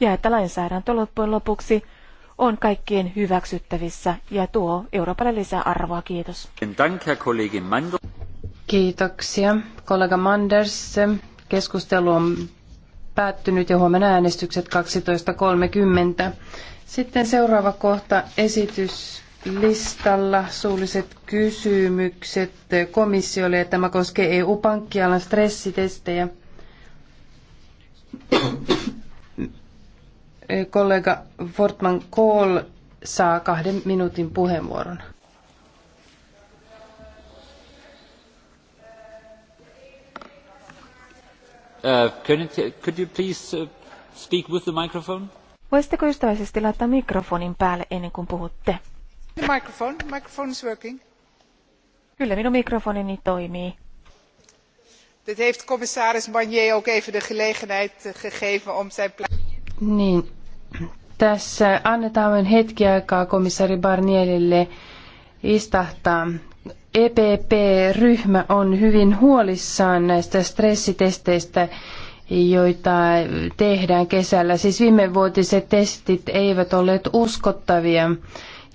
ja että lainsäädäntö loppujen lopuksi on kaikkien hyväksyttävissä ja tuo Euroopalle lisää arvoa. Kiitos. Kiitoksia. Kollega Manders, keskustelu on päättynyt ja huomenna äänestykset 12.30. Sitten seuraava kohta esityslistalla suulliset kysymykset komissiolle ja tämä koskee EU-pankkialan stressitestejä. Eh, kollega Fortman Kohl saa kahden minuutin puheenvuoron. Uh, could you please uh, speak with the microphone? Voisitteko ystävällisesti laittaa mikrofonin päälle ennen kuin puhutte? The microphone. microphone is working. Kyllä minun mikrofonini toimii. Dit heeft commissaris Barnier ook even de gelegenheid eh, gegeven om zijn plaats... Niin, tässä annetaan hetki aikaa komissaari Barnierille istahtaa. EPP-ryhmä on hyvin huolissaan näistä stressitesteistä, joita tehdään kesällä. Siis viimevuotiset testit eivät olleet uskottavia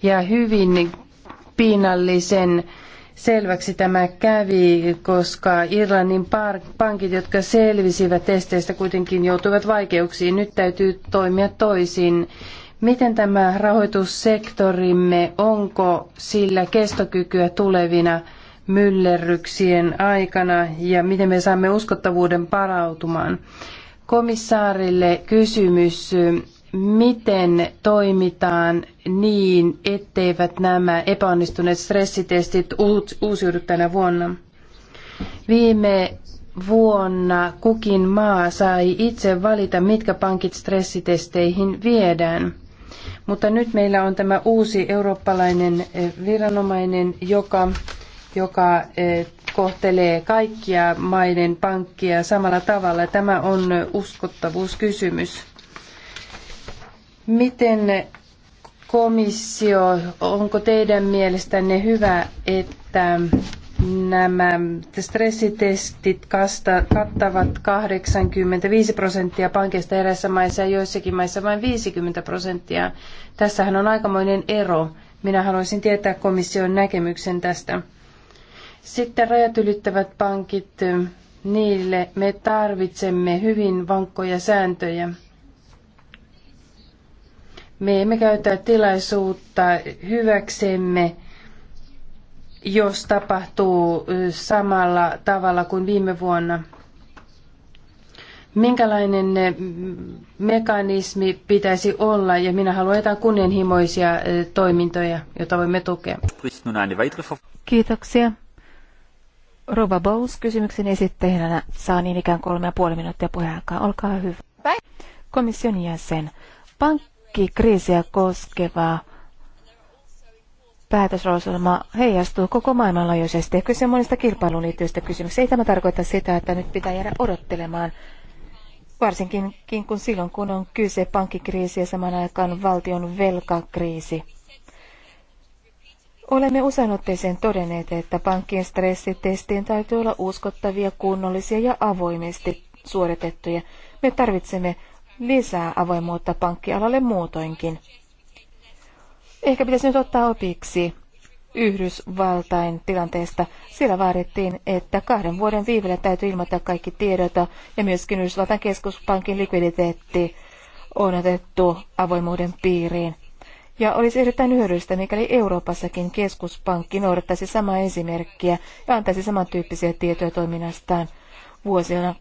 ja hyvin piinallisen selväksi tämä kävi, koska Irlannin pankit, jotka selvisivät testeistä, kuitenkin joutuivat vaikeuksiin. Nyt täytyy toimia toisin. Miten tämä rahoitussektorimme, onko sillä kestokykyä tulevina myllerryksien aikana ja miten me saamme uskottavuuden palautumaan? Komissaarille kysymys, miten toimitaan niin, etteivät nämä epäonnistuneet stressitestit uusiudu tänä vuonna. Viime vuonna kukin maa sai itse valita, mitkä pankit stressitesteihin viedään. Mutta nyt meillä on tämä uusi eurooppalainen eh, viranomainen, joka, joka eh, kohtelee kaikkia maiden pankkia samalla tavalla. Tämä on eh, uskottavuuskysymys. Miten komissio, onko teidän mielestänne hyvä, että nämä stressitestit kattavat 85 prosenttia pankeista eräissä maissa ja joissakin maissa vain 50 prosenttia. Tässähän on aikamoinen ero. Minä haluaisin tietää komission näkemyksen tästä. Sitten rajat ylittävät pankit, niille me tarvitsemme hyvin vankkoja sääntöjä. Me emme käytä tilaisuutta hyväksemme, jos tapahtuu samalla tavalla kuin viime vuonna. Minkälainen mekanismi pitäisi olla, ja minä haluan jotain kunnianhimoisia toimintoja, joita voimme tukea. Kiitoksia. Rova Bowes kysymyksen esittäjänä saa niin ikään kolme ja puoli minuuttia puheaikaa. Olkaa hyvä. Komission jäsen. Pank- kaikki kriisiä koskeva päätöslauselma heijastuu koko maailmanlaajuisesti. Kyse on monista kilpailuun liittyvistä kysymyksistä. Ei tämä tarkoita sitä, että nyt pitää jäädä odottelemaan, varsinkin kun silloin, kun on kyse pankkikriisi ja saman aikaan valtion velkakriisi. Olemme usein otteeseen todenneet, että pankkien stressitestien täytyy olla uskottavia, kunnollisia ja avoimesti suoritettuja. Me tarvitsemme lisää avoimuutta pankkialalle muutoinkin. Ehkä pitäisi nyt ottaa opiksi Yhdysvaltain tilanteesta. Siellä vaadittiin, että kahden vuoden viivellä täytyy ilmoittaa kaikki tiedot ja myöskin Yhdysvaltain keskuspankin likviditeetti on otettu avoimuuden piiriin. Ja olisi erittäin hyödyllistä, mikäli Euroopassakin keskuspankki noudattaisi samaa esimerkkiä ja antaisi samantyyppisiä tietoja toiminnastaan vuosina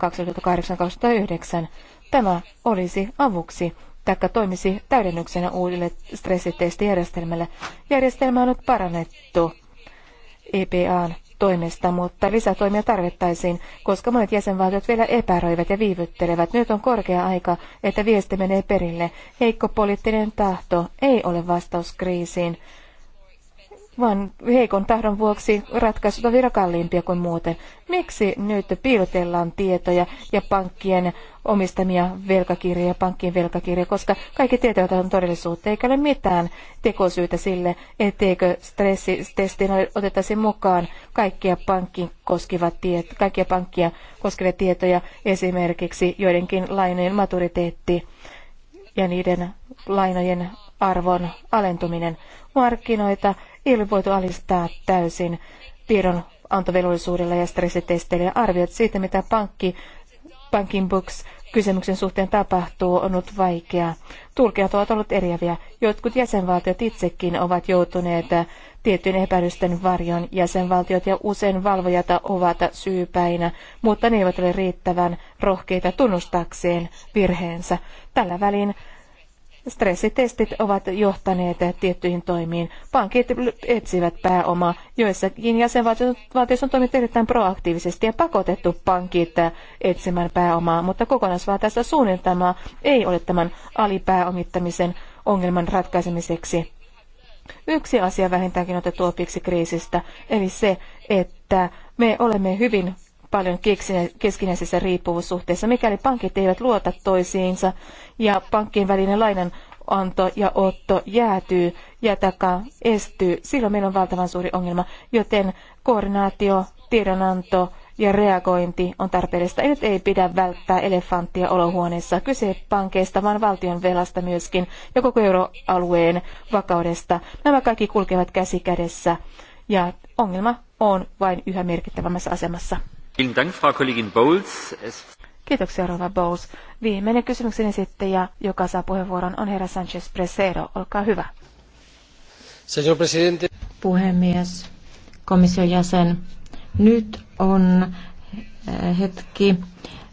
2008-2009. Tämä olisi avuksi taikka toimisi täydennyksenä uudelle stressitestijärjestelmälle. Järjestelmä on nyt parannettu EPAn toimesta, mutta lisätoimia tarvittaisiin, koska monet jäsenvaltiot vielä epäröivät ja viivyttelevät. Nyt on korkea aika, että viesti menee perille. Heikko poliittinen tahto ei ole vastaus kriisiin vaan heikon tahdon vuoksi ratkaisut ovat vielä kalliimpia kuin muuten. Miksi nyt piilotellaan tietoja ja pankkien omistamia velkakirjoja, pankkien velkakirjoja, koska kaikki tietävät on todellisuutta, eikä ole mitään tekosyytä sille, etteikö stressitestiin otettaisiin mukaan kaikkia pankkiin koskevat tiet, kaikkia pankkia koskevia tietoja, esimerkiksi joidenkin lainojen maturiteetti ja niiden lainojen arvon alentuminen. Markkinoita ei ole voitu alistaa täysin tiedon antovelvollisuudella ja stressitesteillä ja arviot siitä, mitä pankki, pankin books kysymyksen suhteen tapahtuu, on ollut vaikeaa. Tulkijat ovat olleet eriäviä. Jotkut jäsenvaltiot itsekin ovat joutuneet tiettyjen epäilysten varjon. Jäsenvaltiot ja usein valvojat ovat syypäinä, mutta ne eivät ole riittävän rohkeita tunnustakseen virheensä. Tällä välin Stressitestit ovat johtaneet tiettyihin toimiin. Pankit etsivät pääomaa. Joissakin jäsenvaltioissa on toimittu erittäin proaktiivisesti ja pakotettu pankit etsimään pääomaa, mutta kokonaisvaltaista suunnitelmaa ei ole tämän alipääomittamisen ongelman ratkaisemiseksi. Yksi asia vähintäänkin otettu opiksi kriisistä, eli se, että me olemme hyvin paljon keskinäisessä riippuvuussuhteessa. Mikäli pankit eivät luota toisiinsa ja pankkien välinen lainan anto ja otto jäätyy ja takaa estyy, silloin meillä on valtavan suuri ongelma, joten koordinaatio, tiedonanto ja reagointi on tarpeellista. Nyt ei pidä välttää elefanttia olohuoneessa. Kyse pankeista, vaan valtion velasta myöskin ja koko euroalueen vakaudesta. Nämä kaikki kulkevat käsi kädessä ja ongelma on vain yhä merkittävämmässä asemassa. Kiitoksia, Rova Bowles. Viimeinen kysymyksen esittäjä, joka saa puheenvuoron, on herra Sanchez Presero. Olkaa hyvä. Señor presidente. Puhemies, komission jäsen, nyt on eh, hetki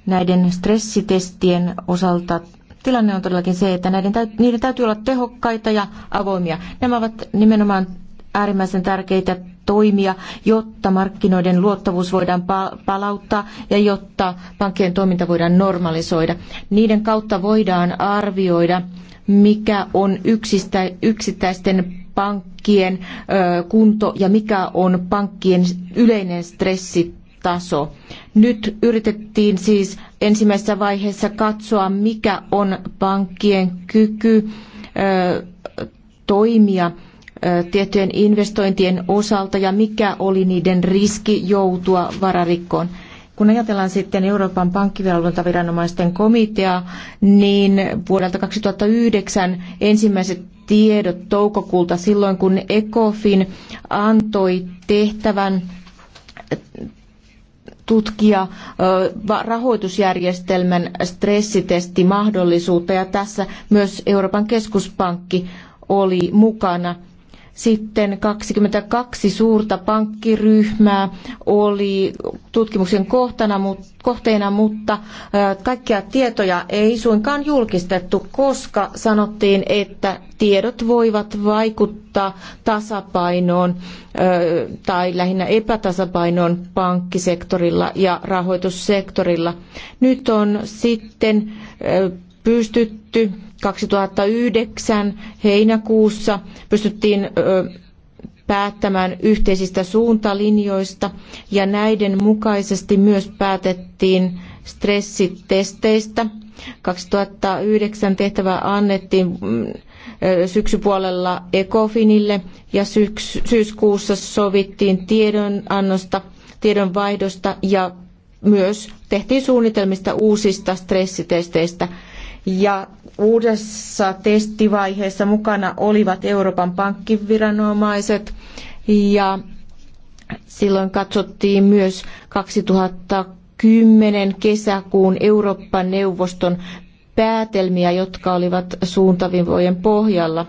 näiden stressitestien osalta tilanne on todellakin se, että näiden täyt, niiden täytyy olla tehokkaita ja avoimia. Nämä ovat nimenomaan äärimmäisen tärkeitä toimia, jotta markkinoiden luottavuus voidaan palauttaa ja jotta pankkien toiminta voidaan normalisoida. Niiden kautta voidaan arvioida, mikä on yksistä, yksittäisten pankkien kunto ja mikä on pankkien yleinen stressitaso. Nyt yritettiin siis ensimmäisessä vaiheessa katsoa, mikä on pankkien kyky toimia tiettyjen investointien osalta ja mikä oli niiden riski joutua vararikkoon. Kun ajatellaan sitten Euroopan pankkivalvontaviranomaisten komiteaa, niin vuodelta 2009 ensimmäiset tiedot toukokuulta silloin, kun ECOFIN antoi tehtävän tutkia rahoitusjärjestelmän stressitestimahdollisuutta ja tässä myös Euroopan keskuspankki oli mukana sitten 22 suurta pankkiryhmää oli tutkimuksen kohtana, kohteena, mutta kaikkia tietoja ei suinkaan julkistettu, koska sanottiin, että tiedot voivat vaikuttaa tasapainoon tai lähinnä epätasapainoon pankkisektorilla ja rahoitussektorilla. Nyt on sitten pystytty 2009 heinäkuussa pystyttiin päättämään yhteisistä suuntalinjoista ja näiden mukaisesti myös päätettiin stressitesteistä. 2009 tehtävä annettiin syksypuolella Ecofinille ja syks- syyskuussa sovittiin tiedonannosta, tiedonvaihdosta ja myös tehtiin suunnitelmista uusista stressitesteistä ja uudessa testivaiheessa mukana olivat Euroopan pankkiviranomaiset ja silloin katsottiin myös 2010 kesäkuun Euroopan neuvoston päätelmiä, jotka olivat suuntavivojen pohjalla.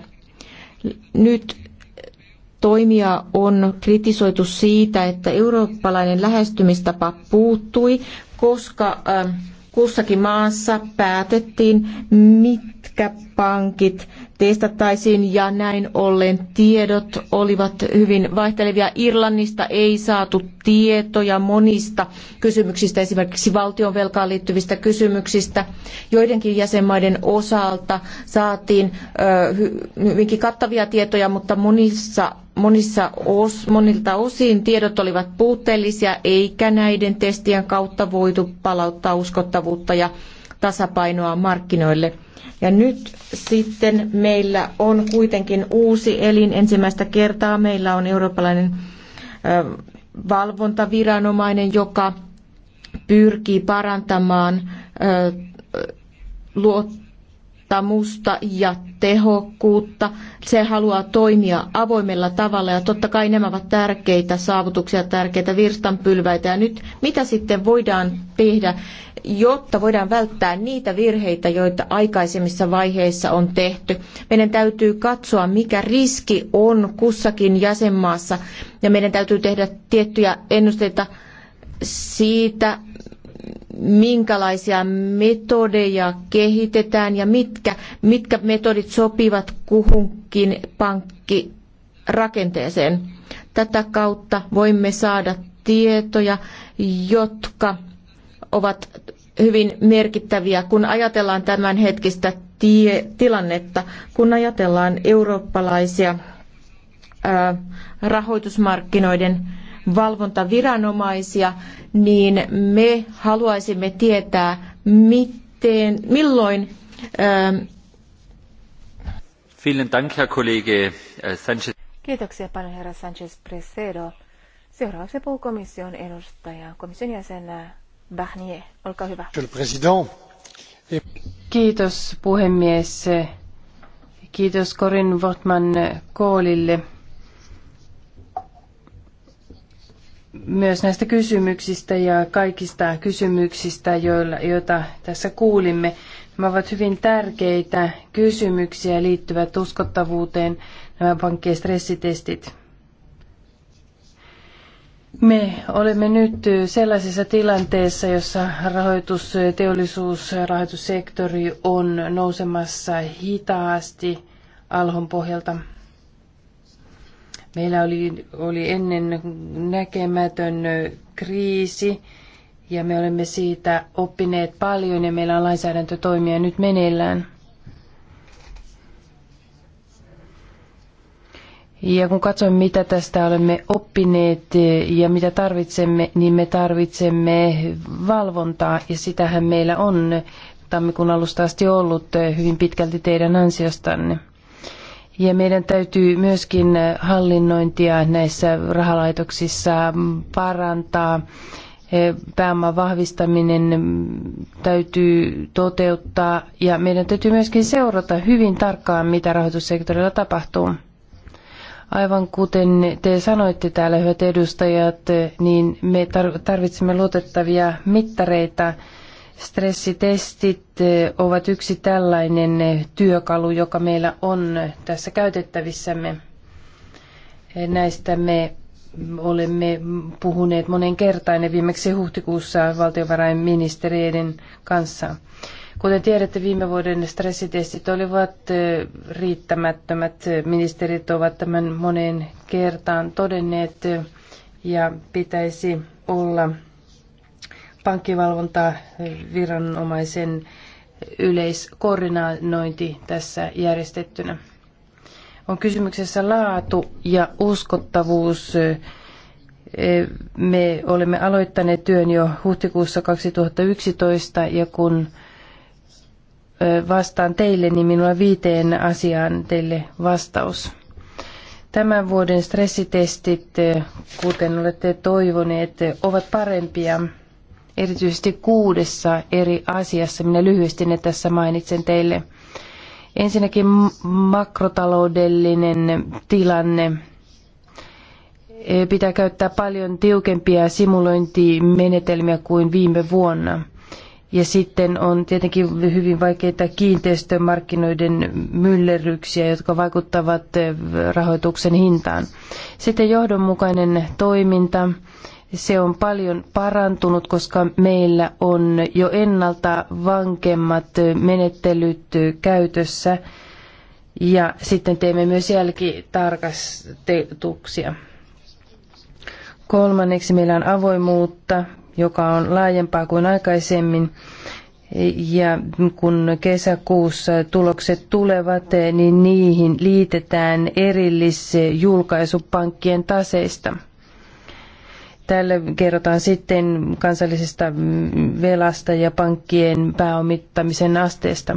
Nyt toimia on kritisoitu siitä, että eurooppalainen lähestymistapa puuttui, koska äh, kussakin maassa päätettiin, mitkä pankit testattaisiin ja näin ollen tiedot olivat hyvin vaihtelevia. Irlannista ei saatu tietoja monista kysymyksistä, esimerkiksi valtion velkaan liittyvistä kysymyksistä. Joidenkin jäsenmaiden osalta saatiin ö, hyvinkin kattavia tietoja, mutta monissa monissa os, monilta osin tiedot olivat puutteellisia, eikä näiden testien kautta voitu palauttaa uskottavuutta ja tasapainoa markkinoille. Ja nyt sitten meillä on kuitenkin uusi elin. Ensimmäistä kertaa meillä on eurooppalainen valvontaviranomainen, joka pyrkii parantamaan luottamusta luottamusta ja tehokkuutta. Se haluaa toimia avoimella tavalla ja totta kai nämä ovat tärkeitä saavutuksia, tärkeitä virstanpylväitä. Ja nyt mitä sitten voidaan tehdä, jotta voidaan välttää niitä virheitä, joita aikaisemmissa vaiheissa on tehty. Meidän täytyy katsoa, mikä riski on kussakin jäsenmaassa ja meidän täytyy tehdä tiettyjä ennusteita siitä, minkälaisia metodeja kehitetään ja mitkä, mitkä metodit sopivat kuhunkin pankkirakenteeseen. Tätä kautta voimme saada tietoja, jotka ovat hyvin merkittäviä, kun ajatellaan tämänhetkistä tie- tilannetta, kun ajatellaan eurooppalaisia ää, rahoitusmarkkinoiden valvontaviranomaisia, niin me haluaisimme tietää, miten, milloin ähm, Vielen Dank, Herr Kollege äh, Sanchez. Kiitoksia paljon, herra Sanchez Presedo. Seuraavaksi puhuu komission edustaja, komission jäsen äh, Barnier. Olkaa hyvä. Kiitos puhemies. Kiitos Corin Wortman Koolille myös näistä kysymyksistä ja kaikista kysymyksistä, joilla, joita tässä kuulimme. Nämä ovat hyvin tärkeitä kysymyksiä liittyvät uskottavuuteen, nämä pankkien stressitestit. Me olemme nyt sellaisessa tilanteessa, jossa rahoitusteollisuus, rahoitussektori on nousemassa hitaasti alhon pohjalta. Meillä oli, oli ennen näkemätön kriisi ja me olemme siitä oppineet paljon ja meillä on lainsäädäntötoimia nyt meneillään. Ja kun katson, mitä tästä olemme oppineet ja mitä tarvitsemme, niin me tarvitsemme valvontaa ja sitähän meillä on tammikuun alusta asti ollut hyvin pitkälti teidän ansiostanne. Ja meidän täytyy myöskin hallinnointia näissä rahalaitoksissa parantaa. Eh, Pääoman vahvistaminen täytyy toteuttaa ja meidän täytyy myöskin seurata hyvin tarkkaan, mitä rahoitussektorilla tapahtuu. Aivan kuten te sanoitte täällä, hyvät edustajat, eh, niin me tarvitsemme luotettavia mittareita Stressitestit eh, ovat yksi tällainen eh, työkalu, joka meillä on tässä käytettävissämme. Eh, näistä me olemme puhuneet monen kertaan ja viimeksi huhtikuussa valtiovarainministeriöiden kanssa. Kuten tiedätte, viime vuoden stressitestit olivat riittämättömät. Ministerit ovat tämän moneen kertaan todenneet ja pitäisi olla pankkivalvonta viranomaisen yleiskoordinointi tässä järjestettynä. On kysymyksessä laatu ja uskottavuus. Me olemme aloittaneet työn jo huhtikuussa 2011 ja kun vastaan teille, niin minulla on viiteen asiaan teille vastaus. Tämän vuoden stressitestit, kuten olette toivoneet, ovat parempia erityisesti kuudessa eri asiassa. Minä lyhyesti ne tässä mainitsen teille. Ensinnäkin makrotaloudellinen tilanne. E, pitää käyttää paljon tiukempia simulointimenetelmiä kuin viime vuonna. Ja sitten on tietenkin hyvin vaikeita kiinteistömarkkinoiden myllerryksiä, jotka vaikuttavat e, rahoituksen hintaan. Sitten johdonmukainen toiminta se on paljon parantunut, koska meillä on jo ennalta vankemmat menettelyt käytössä ja sitten teemme myös jälkitarkastuksia. Kolmanneksi meillä on avoimuutta, joka on laajempaa kuin aikaisemmin. Ja kun kesäkuussa tulokset tulevat, niin niihin liitetään erillisjulkaisu pankkien taseista. Täällä kerrotaan sitten kansallisesta velasta ja pankkien pääomittamisen asteesta.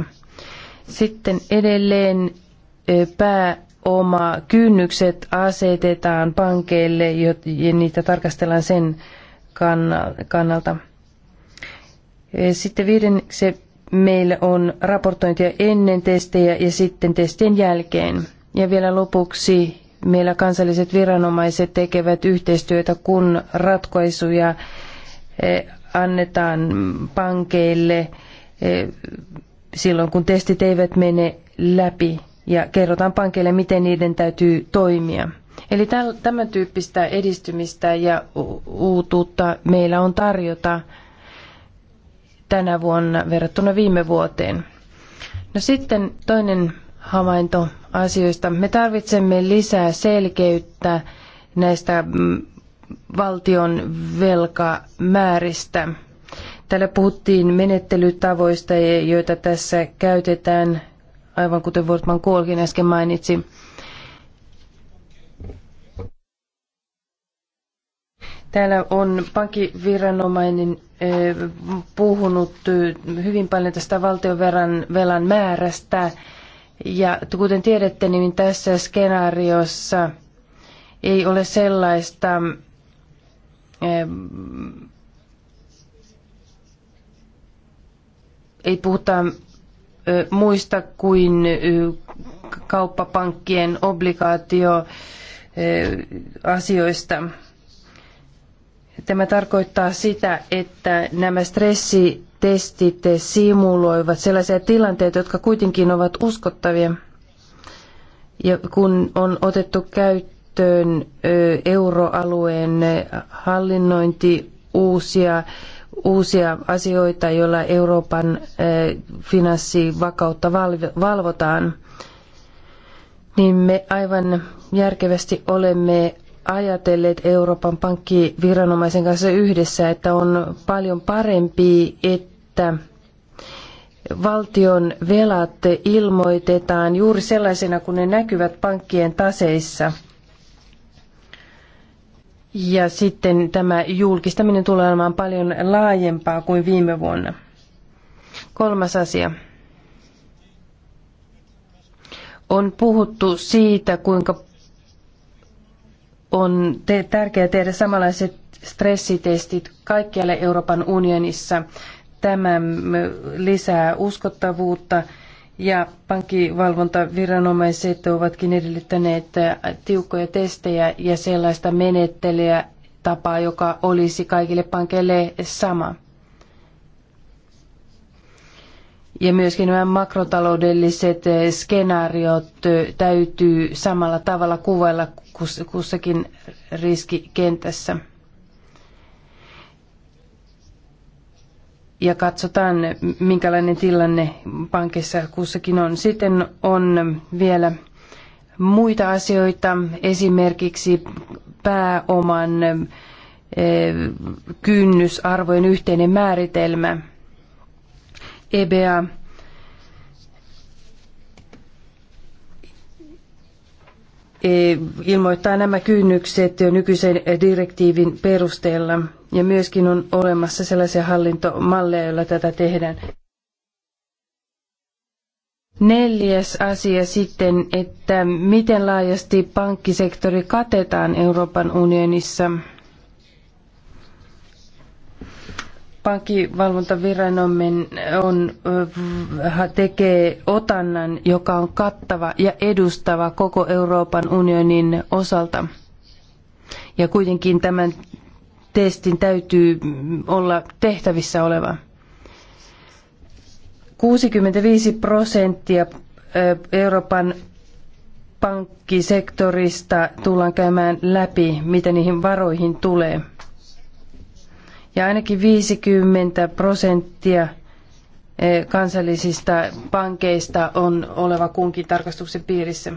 Sitten edelleen pääoma kynnykset asetetaan pankeille ja niitä tarkastellaan sen kannalta. Sitten viidenneksi meillä on raportointia ennen testejä ja sitten testien jälkeen. Ja vielä lopuksi meillä kansalliset viranomaiset tekevät yhteistyötä, kun ratkaisuja eh, annetaan pankeille eh, silloin, kun testit eivät mene läpi ja kerrotaan pankeille, miten niiden täytyy toimia. Eli tämän tyyppistä edistymistä ja uutuutta meillä on tarjota tänä vuonna verrattuna viime vuoteen. No sitten toinen havainto asioista. Me tarvitsemme lisää selkeyttä näistä mm, valtion velkamääristä. Täällä puhuttiin menettelytavoista, joita tässä käytetään, aivan kuten Wortman Koolkin äsken mainitsi. Täällä on pankkiviranomainen puhunut hyvin paljon tästä valtionvelan määrästä ja kuten tiedätte, niin tässä skenaariossa ei ole sellaista ei puhuta muista kuin kauppapankkien obligaatioasioista. Tämä tarkoittaa sitä, että nämä stressitestit simuloivat sellaisia tilanteita, jotka kuitenkin ovat uskottavia. Ja kun on otettu käyttöön euroalueen hallinnointi uusia, uusia asioita, joilla Euroopan finanssivakautta valvotaan, niin me aivan järkevästi olemme ajatelleet Euroopan pankkiviranomaisen kanssa yhdessä, että on paljon parempi, että valtion velat ilmoitetaan juuri sellaisena, kun ne näkyvät pankkien taseissa. Ja sitten tämä julkistaminen tulee olemaan paljon laajempaa kuin viime vuonna. Kolmas asia. On puhuttu siitä, kuinka on te- tärkeää tehdä samanlaiset stressitestit kaikkialle Euroopan unionissa. Tämä mm, lisää uskottavuutta ja pankkivalvontaviranomaiset ovatkin edellyttäneet äh, tiukkoja testejä ja sellaista menettelyä tapaa, joka olisi kaikille pankeille sama. Ja myöskin nämä makrotaloudelliset eh, skenaariot eh, täytyy samalla tavalla kuvailla kussakin riskikentässä. Ja katsotaan, minkälainen tilanne pankissa kussakin on. Sitten on vielä muita asioita, esimerkiksi pääoman eh, kynnysarvojen yhteinen määritelmä – EBA e ilmoittaa nämä kynnykset nykyisen direktiivin perusteella. Ja myöskin on olemassa sellaisia hallintomalleja, joilla tätä tehdään. Neljäs asia sitten, että miten laajasti pankkisektori katetaan Euroopan unionissa – pankkivalvontaviranomainen on, äh, tekee otannan, joka on kattava ja edustava koko Euroopan unionin osalta. Ja kuitenkin tämän testin täytyy olla tehtävissä oleva. 65 prosenttia äh, Euroopan pankkisektorista tullaan käymään läpi, mitä niihin varoihin tulee ja ainakin 50 prosenttia eh, kansallisista pankeista on oleva kunkin tarkastuksen piirissä.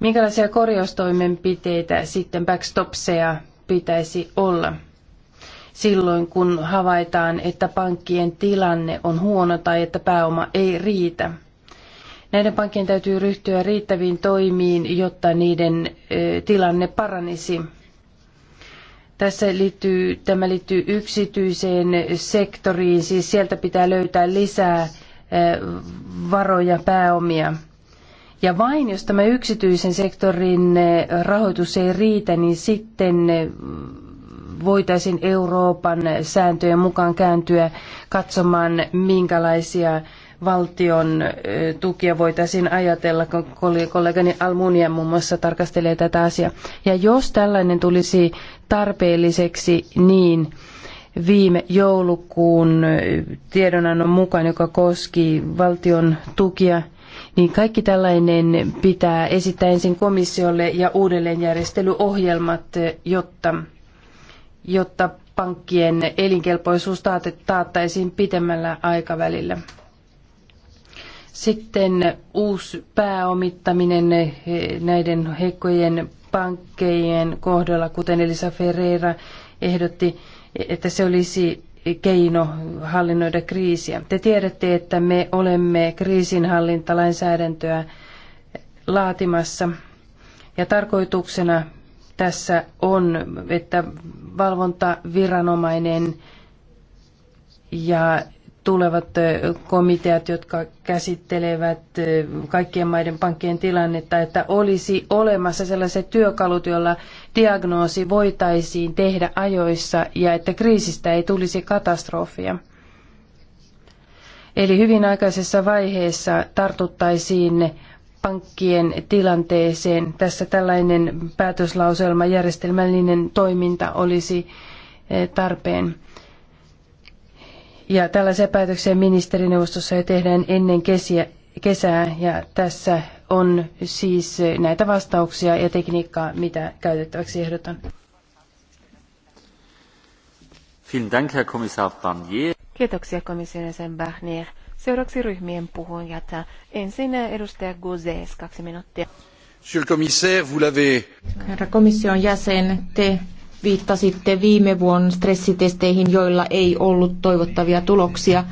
Minkälaisia korjaustoimenpiteitä sitten backstopseja pitäisi olla silloin, kun havaitaan, että pankkien tilanne on huono tai että pääoma ei riitä? Näiden pankkien täytyy ryhtyä riittäviin toimiin, jotta niiden tilanne paranisi. Tässä liittyy, tämä liittyy yksityiseen sektoriin, siis sieltä pitää löytää lisää varoja, pääomia. Ja vain jos tämä yksityisen sektorin rahoitus ei riitä, niin sitten voitaisiin Euroopan sääntöjen mukaan kääntyä katsomaan, minkälaisia valtion tukia voitaisiin ajatella, kun kollegani Almunia muun muassa tarkastelee tätä asiaa. Ja jos tällainen tulisi tarpeelliseksi, niin viime joulukuun tiedonannon mukaan, joka koski valtion tukia, niin kaikki tällainen pitää esittää ensin komissiolle ja uudelleenjärjestelyohjelmat, jotta, jotta pankkien elinkelpoisuus taattaisiin pitemmällä aikavälillä. Sitten uusi pääomittaminen näiden heikkojen pankkejen kohdalla, kuten Elisa Ferreira ehdotti, että se olisi keino hallinnoida kriisiä. Te tiedätte, että me olemme kriisinhallintalainsäädäntöä laatimassa ja tarkoituksena tässä on, että valvontaviranomainen ja tulevat komiteat, jotka käsittelevät kaikkien maiden pankkien tilannetta, että olisi olemassa sellaiset työkalut, joilla diagnoosi voitaisiin tehdä ajoissa ja että kriisistä ei tulisi katastrofia. Eli hyvin aikaisessa vaiheessa tartuttaisiin pankkien tilanteeseen. Tässä tällainen päätöslauselma, järjestelmällinen toiminta olisi tarpeen. Ja tällaisia päätöksiä ministerineuvostossa jo tehdään ennen kesiä, kesää ja tässä on siis näitä vastauksia ja tekniikkaa, mitä käytettäväksi ehdotan. Kiitoksia komission jäsen Barnier. Seuraavaksi ryhmien puhujat. Ensin edustaja Gozes, kaksi minuuttia. Herra komission jäsen, te viittasitte viime vuonna stressitesteihin, joilla ei ollut toivottavia tuloksia,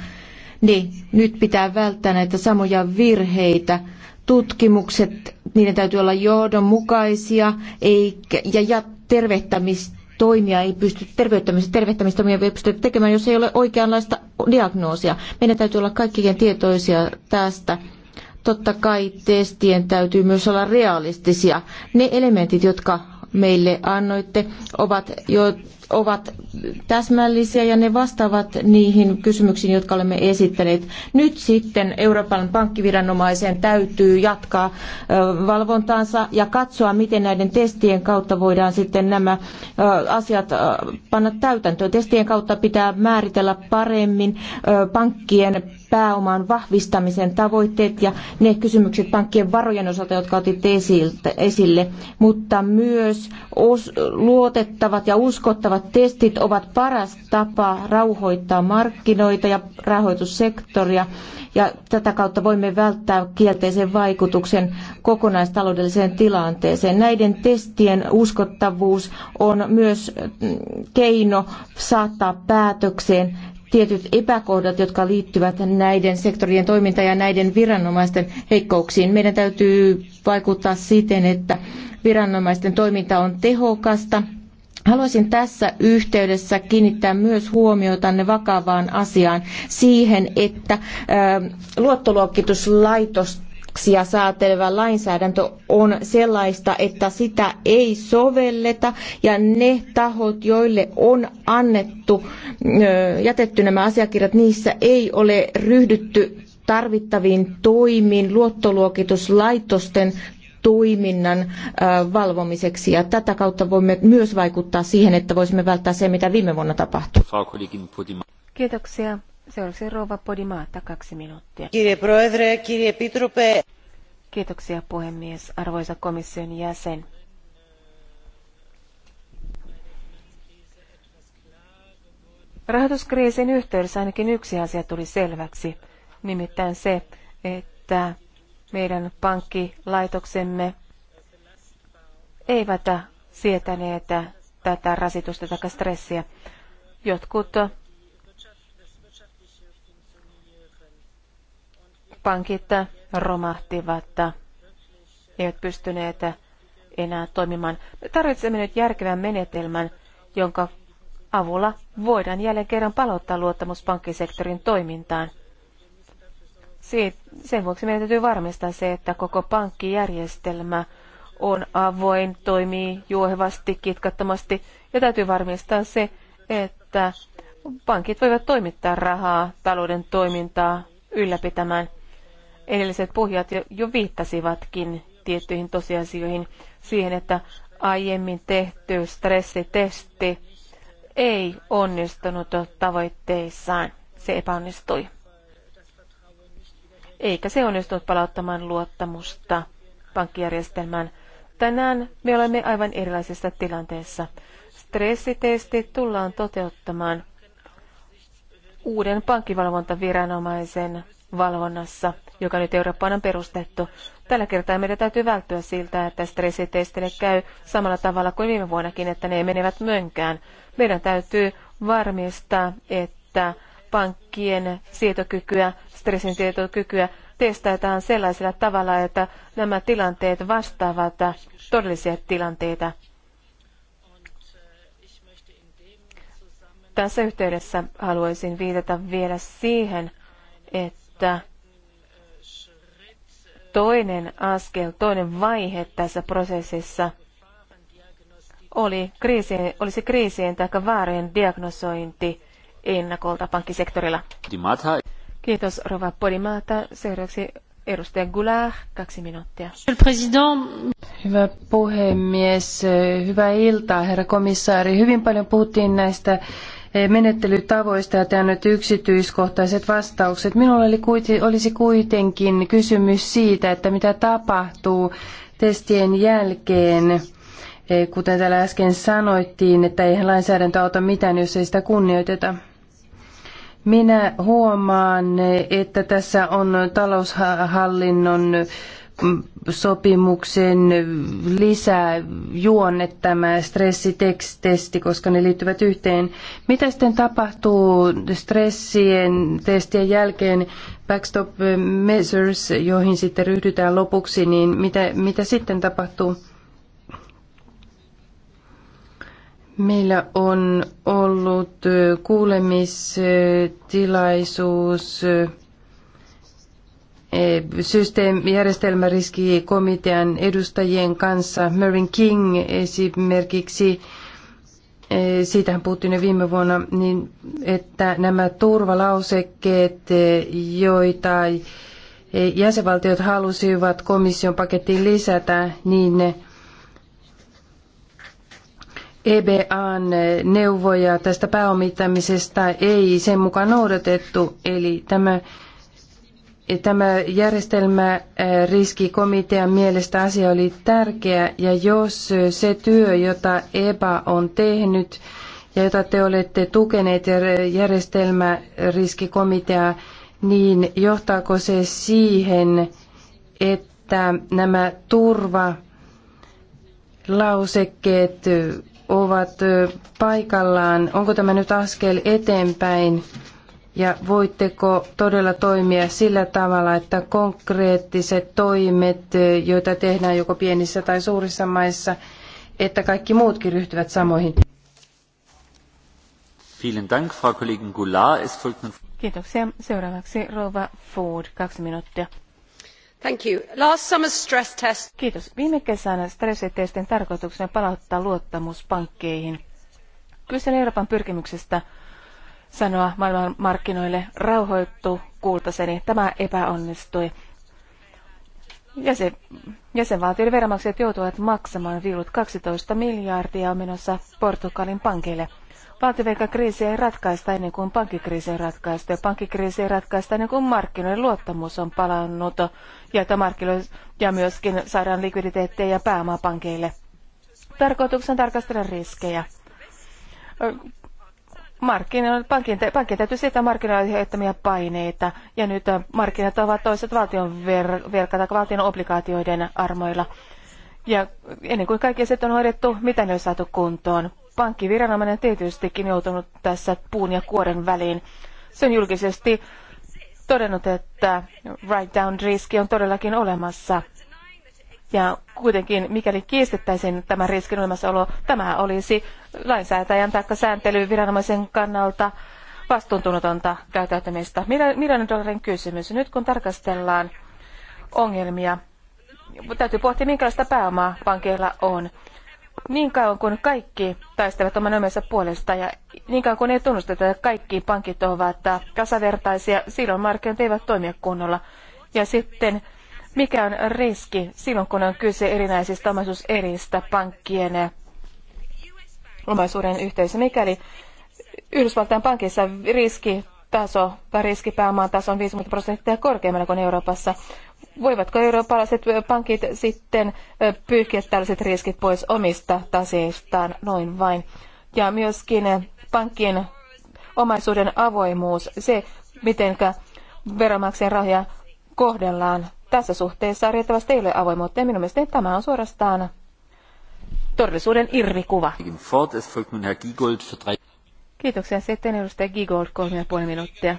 niin nyt pitää välttää näitä samoja virheitä. Tutkimukset, niiden täytyy olla johdonmukaisia eikä, ja, ja tervehtämistoimia ei pysty, terveyttämis, tervehtämistoimia ei pysty tekemään, jos ei ole oikeanlaista diagnoosia. Meidän täytyy olla kaikkien tietoisia tästä totta kai testien täytyy myös olla realistisia. Ne elementit, jotka meille annoitte, ovat jo ovat täsmällisiä ja ne vastaavat niihin kysymyksiin, jotka olemme esittäneet. Nyt sitten Euroopan pankkiviranomaisen täytyy jatkaa valvontaansa ja katsoa, miten näiden testien kautta voidaan sitten nämä asiat panna täytäntöön. Testien kautta pitää määritellä paremmin pankkien pääoman vahvistamisen tavoitteet ja ne kysymykset pankkien varojen osalta, jotka otitte esille, mutta myös luotettavat ja uskottavat tapahtuvat testit ovat paras tapa rauhoittaa markkinoita ja rahoitussektoria ja tätä kautta voimme välttää kielteisen vaikutuksen kokonaistaloudelliseen tilanteeseen. Näiden testien uskottavuus on myös mm, keino saattaa päätökseen tietyt epäkohdat, jotka liittyvät näiden sektorien toimintaan ja näiden viranomaisten heikkouksiin. Meidän täytyy vaikuttaa siten, että viranomaisten toiminta on tehokasta Haluaisin tässä yhteydessä kiinnittää myös huomiotanne vakavaan asiaan siihen, että luottoluokituslaitos rikoksia säätelevä lainsäädäntö on sellaista, että sitä ei sovelleta ja ne tahot, joille on annettu, jätetty nämä asiakirjat, niissä ei ole ryhdytty tarvittaviin toimiin luottoluokituslaitosten toiminnan valvomiseksi ja tätä kautta voimme myös vaikuttaa siihen, että voisimme välttää sen, mitä viime vuonna tapahtui. Kiitoksia. Seuraavaksi Rouva Podimaatta kaksi minuuttia. Kirje Proedre, kirje Pitrupe. Kiitoksia puhemies, arvoisa komission jäsen. Rahoituskriisin yhteydessä ainakin yksi asia tuli selväksi, nimittäin se, että meidän pankkilaitoksemme eivät sietäneet tätä rasitusta tai stressiä. Jotkut pankit romahtivat, eivät pystyneet enää toimimaan. Me tarvitsemme nyt järkevän menetelmän, jonka avulla voidaan jälleen kerran palauttaa luottamus pankkisektorin toimintaan. Sen vuoksi meidän täytyy varmistaa se, että koko pankkijärjestelmä on avoin, toimii juohevasti, kitkattomasti ja täytyy varmistaa se, että pankit voivat toimittaa rahaa talouden toimintaa ylläpitämään. Edelliset puhjat jo, jo viittasivatkin tiettyihin tosiasioihin siihen, että aiemmin tehty stressitesti ei onnistunut tavoitteissaan. Se epäonnistui eikä se onnistunut palauttamaan luottamusta pankkijärjestelmään. Tänään me olemme aivan erilaisessa tilanteessa. Stressitesti tullaan toteuttamaan uuden pankkivalvontaviranomaisen valvonnassa, joka nyt Eurooppaan on perustettu. Tällä kertaa meidän täytyy välttyä siltä, että stressitestille käy samalla tavalla kuin viime vuonnakin, että ne menevät mönkään. Meidän täytyy varmistaa, että pankkien sietokykyä, stressin sietokykyä testataan sellaisella tavalla, että nämä tilanteet vastaavat todellisia tilanteita. Tässä yhteydessä haluaisin viitata vielä siihen, että toinen askel, toinen vaihe tässä prosessissa oli kriisien, olisi kriisien tai vaarojen diagnosointi ennakolta pankkisektorilla. Dimata. Kiitos Rova Podimata. Seuraavaksi edustaja Goulart, kaksi minuuttia. Hyvä puhemies, hyvää iltaa herra komissaari. Hyvin paljon puhuttiin näistä menettelytavoista ja tämä nyt yksityiskohtaiset vastaukset. Minulla olisi kuitenkin kysymys siitä, että mitä tapahtuu testien jälkeen eh, kuten täällä äsken sanoittiin, että eihän lainsäädäntö auta mitään, jos ei sitä kunnioiteta. Minä huomaan, että tässä on taloushallinnon sopimuksen lisää juonne tämä stressitesti, koska ne liittyvät yhteen. Mitä sitten tapahtuu stressien testien jälkeen, backstop measures, joihin sitten ryhdytään lopuksi, niin mitä, mitä sitten tapahtuu? Meillä on ollut kuulemistilaisuus e, systeemijärjestelmäriskikomitean edustajien kanssa. Mervyn King esimerkiksi, e, siitähän puhuttiin jo viime vuonna, niin että nämä turvalausekkeet, e, joita jäsenvaltiot halusivat komission pakettiin lisätä, niin ne EBAn neuvoja tästä pääomittamisesta ei sen mukaan noudatettu, eli tämä, tämä järjestelmäriskikomitean äh, mielestä asia oli tärkeä, ja jos se työ, jota EBA on tehnyt ja jota te olette tukeneet järjestelmäriskikomitea, niin johtaako se siihen, että nämä turva lausekkeet ovat paikallaan. Onko tämä nyt askel eteenpäin ja voitteko todella toimia sillä tavalla, että konkreettiset toimet, joita tehdään joko pienissä tai suurissa maissa, että kaikki muutkin ryhtyvät samoihin? Kiitoksia. Seuraavaksi Rova Ford, kaksi minuuttia. Kiitos. Viime kesän stressitestin tarkoituksena palauttaa luottamus pankkeihin. Kyse Euroopan pyrkimyksestä sanoa maailmanmarkkinoille rauhoittu kultaseni. Tämä epäonnistui. Jäsen, jäsenvaltioiden veronmaksajat joutuvat maksamaan viulut 12 miljardia on menossa Portugalin pankeille. Valtiovelkakriisi ei ratkaista ennen kuin pankkikriisi ratkaista ja pankkikriisi ei ratkaista ennen kuin markkinoiden luottamus on palannut ja, että markkinoille, ja myöskin saadaan likviditeettiä ja pääomaa pankeille. Tarkoituksena tarkastella riskejä. Markkinoilla, pankin, pankin täytyy sietää markkinoiden aiheuttamia paineita ja nyt markkinat ovat toiset valtion ver, verka, tai valtion obligaatioiden armoilla. Ja ennen kuin kaikki asiat on hoidettu, mitä ne on saatu kuntoon? pankkiviranomainen tietystikin joutunut tässä puun ja kuoren väliin. Se on julkisesti todennut, että write-down-riski on todellakin olemassa. Ja kuitenkin, mikäli kiistettäisiin tämän riskin olemassaolo, tämä olisi lainsäätäjän tai sääntelyviranomaisen kannalta vastuuntunutonta käyttäytymistä. Millainen dollarin kysymys? Nyt kun tarkastellaan ongelmia, täytyy pohtia, minkälaista pääomaa pankeilla on. Niin kauan kuin kaikki taistelevat oman nimensä puolesta ja niin kauan kuin ei tunnusteta, että kaikki pankit ovat tasavertaisia, silloin markkinat eivät toimia kunnolla. Ja sitten mikä on riski silloin, kun on kyse erinäisistä omaisuuseristä pankkien eh, omaisuuden yhteydessä? Mikäli Yhdysvaltain pankissa riskitaso tai riskipääomaan taso on 50 prosenttia korkeammalla kuin Euroopassa, voivatko eurooppalaiset pankit sitten pyyhkiä tällaiset riskit pois omista taseistaan noin vain? Ja myöskin pankkien omaisuuden avoimuus, se miten veronmaksajien rahoja kohdellaan tässä suhteessa riittävästi ei ole avoimuutta ja minun mielestäni tämä on suorastaan todellisuuden irvikuva. Kiitoksia. Sitten edustaja Gigold, kolme ja puoli minuuttia.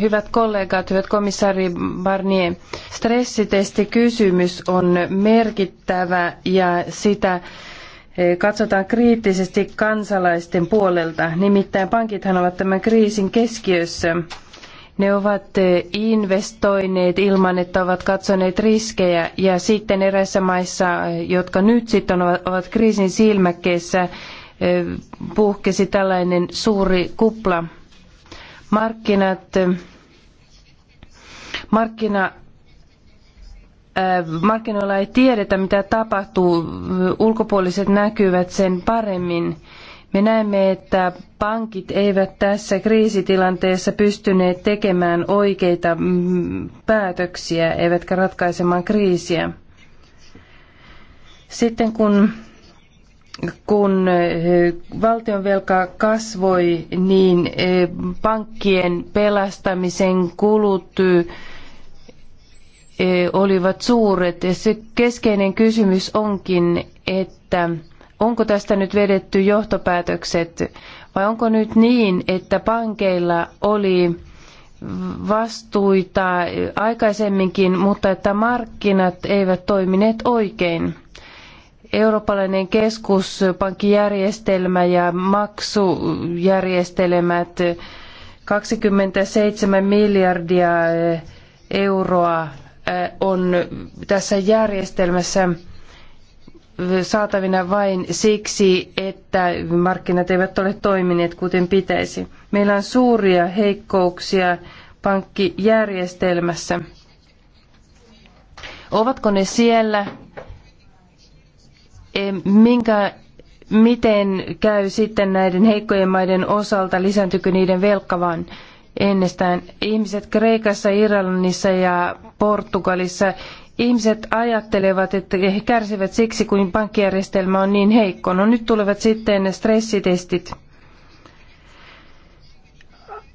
Hyvät kollegat, hyvät komissaari Barnier, stressitestikysymys on merkittävä ja sitä eh, katsotaan kriittisesti kansalaisten puolelta. Nimittäin pankithan ovat tämän kriisin keskiössä. Ne ovat eh, investoineet ilman, että ovat katsoneet riskejä ja sitten eräissä maissa, eh, jotka nyt sitten ovat kriisin silmäkkeessä, puhkesi tällainen suuri kupla. Markkinat, markkina, äh, markkinoilla ei tiedetä, mitä tapahtuu. Ulkopuoliset näkyvät sen paremmin. Me näemme, että pankit eivät tässä kriisitilanteessa pystyneet tekemään oikeita mm, päätöksiä, eivätkä ratkaisemaan kriisiä. Sitten kun kun eh, valtion velka kasvoi, niin eh, pankkien pelastamisen kulut eh, olivat suuret. Ja se keskeinen kysymys onkin, että onko tästä nyt vedetty johtopäätökset vai onko nyt niin, että pankeilla oli vastuita aikaisemminkin, mutta että markkinat eivät toimineet oikein eurooppalainen keskuspankkijärjestelmä ja maksujärjestelmät 27 miljardia eh, euroa eh, on tässä järjestelmässä saatavina vain siksi, että markkinat eivät ole toimineet kuten pitäisi. Meillä on suuria heikkouksia pankkijärjestelmässä. Ovatko ne siellä minkä, miten käy sitten näiden heikkojen maiden osalta, lisääntyykö niiden velka vaan ennestään. Ihmiset Kreikassa, Irlannissa ja Portugalissa, ihmiset ajattelevat, että he kärsivät siksi, kun pankkijärjestelmä on niin heikko. No nyt tulevat sitten stressitestit.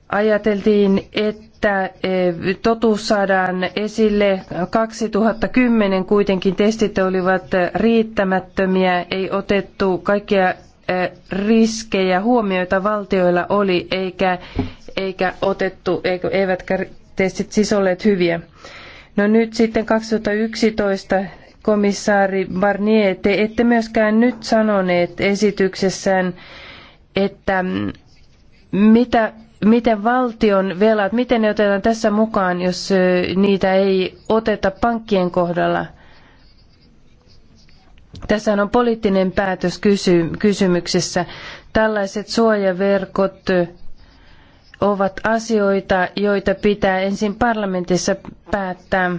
Ajateltiin, että että e, totuus saadaan esille. 2010 kuitenkin testit olivat riittämättömiä, ei otettu kaikkia e, riskejä huomioita valtioilla oli, eikä, eikä otettu, eivätkä testit siis olleet hyviä. No nyt sitten 2011 komissaari Barnier, te ette myöskään nyt sanoneet esityksessään, että mm, mitä miten valtion velat, miten ne otetaan tässä mukaan, jos niitä ei oteta pankkien kohdalla? Tässä on poliittinen päätös kysy- kysymyksessä. Tällaiset suojaverkot ovat asioita, joita pitää ensin parlamentissa päättää.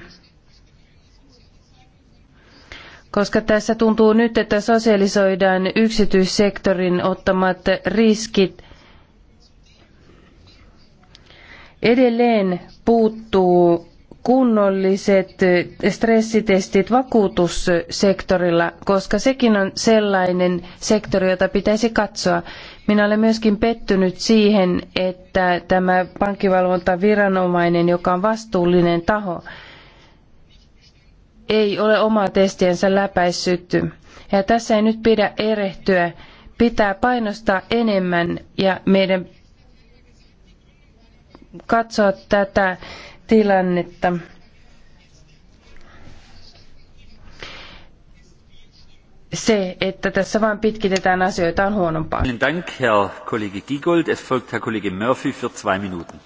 Koska tässä tuntuu nyt, että sosialisoidaan yksityissektorin ottamat riskit Edelleen puuttuu kunnolliset stressitestit vakuutussektorilla, koska sekin on sellainen sektori, jota pitäisi katsoa. Minä olen myöskin pettynyt siihen, että tämä pankkivalvontaviranomainen, joka on vastuullinen taho, ei ole omaa testiänsä läpäissyt. Ja tässä ei nyt pidä erehtyä. Pitää painostaa enemmän ja meidän katsoa tätä tilannetta. Se, että tässä vain pitkitetään asioita, on huonompaa. Dank, Herr Kollege Giegold. Es folgt Herr Kollege Murphy für zwei Minuten.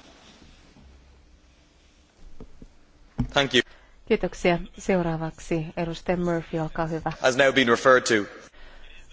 Thank you. Kiitoksia. Seuraavaksi edustaja Murphy, olkaa hyvä. Has now been referred to.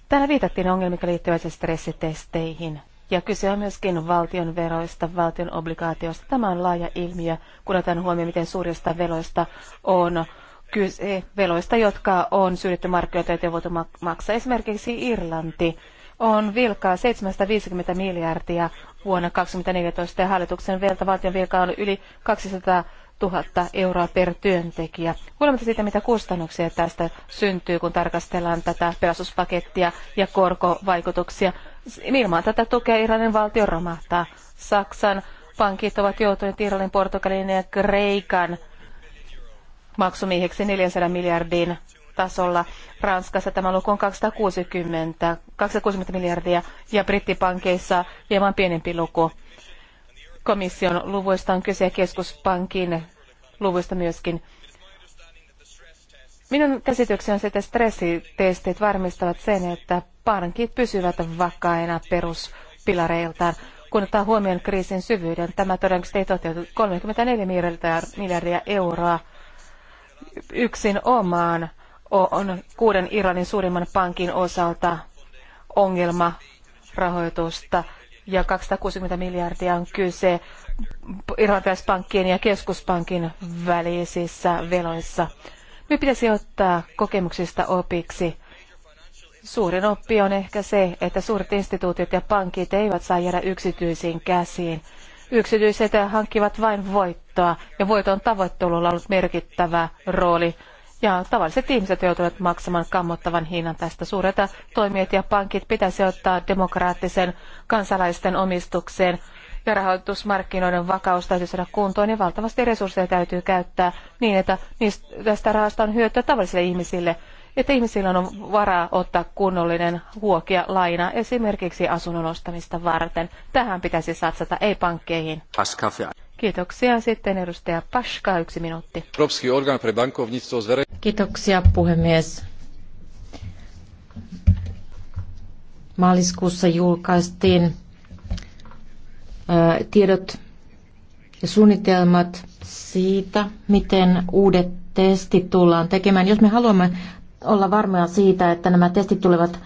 Täällä viitattiin ongelmiin, jotka liittyvät stressitesteihin. Ja kyse on myöskin valtion veroista, valtion obligaatioista. Tämä on laaja ilmiö, kun otetaan huomioon, miten suurista veloista on kyse, veloista, jotka on syydetty markkinoita joita voitu maksaa. Esimerkiksi Irlanti on vilkaa 750 miljardia vuonna 2014 ja hallituksen velta valtion vilkaa on yli 200 000 euroa per työntekijä. Huolimatta siitä, mitä kustannuksia tästä syntyy, kun tarkastellaan tätä pelastuspakettia ja korkovaikutuksia, Ilman tätä tukea Iranin valtio romahtaa. Saksan pankit ovat joutuneet Irlannin, Portugalin ja Kreikan maksumieheksi 400 miljardin tasolla. Ranskassa tämä luku on 260, 260 miljardia ja brittipankeissa hieman pienempi luku. Komission luvuista on kyse keskuspankin luvuista myöskin. Minun käsitykseni on se, että stressitestit varmistavat sen, että pankit pysyvät vakaina peruspilareiltaan. Kun ottaa huomioon kriisin syvyyden, tämä todennäköisesti ei toteutu 34 miljardia, euroa yksin omaan on kuuden iranin suurimman pankin osalta ongelmarahoitusta ja 260 miljardia on kyse irlantilaispankkien ja keskuspankin välisissä veloissa. Me pitäisi ottaa kokemuksista opiksi. Suurin oppi on ehkä se, että suuret instituutiot ja pankit eivät saa jäädä yksityisiin käsiin. Yksityiset hankkivat vain voittoa, ja voiton tavoittelulla on ollut merkittävä rooli. Ja tavalliset ihmiset joutuvat maksamaan kammottavan hinnan tästä. Suuret toimijat ja pankit pitäisi ottaa demokraattisen kansalaisten omistukseen ja rahoitusmarkkinoiden vakaus täytyy saada kuntoon ja valtavasti resursseja täytyy käyttää niin, että niistä, tästä rahasta on hyötyä tavallisille ihmisille, että ihmisillä on varaa ottaa kunnollinen huokia laina esimerkiksi asunnon ostamista varten. Tähän pitäisi satsata, ei pankkeihin. Kiitoksia. Sitten edustaja Paska, yksi minuutti. Kiitoksia puhemies. Maaliskuussa julkaistiin tiedot ja suunnitelmat siitä, miten uudet testit tullaan tekemään. Jos me haluamme olla varmoja siitä, että nämä testit tulevat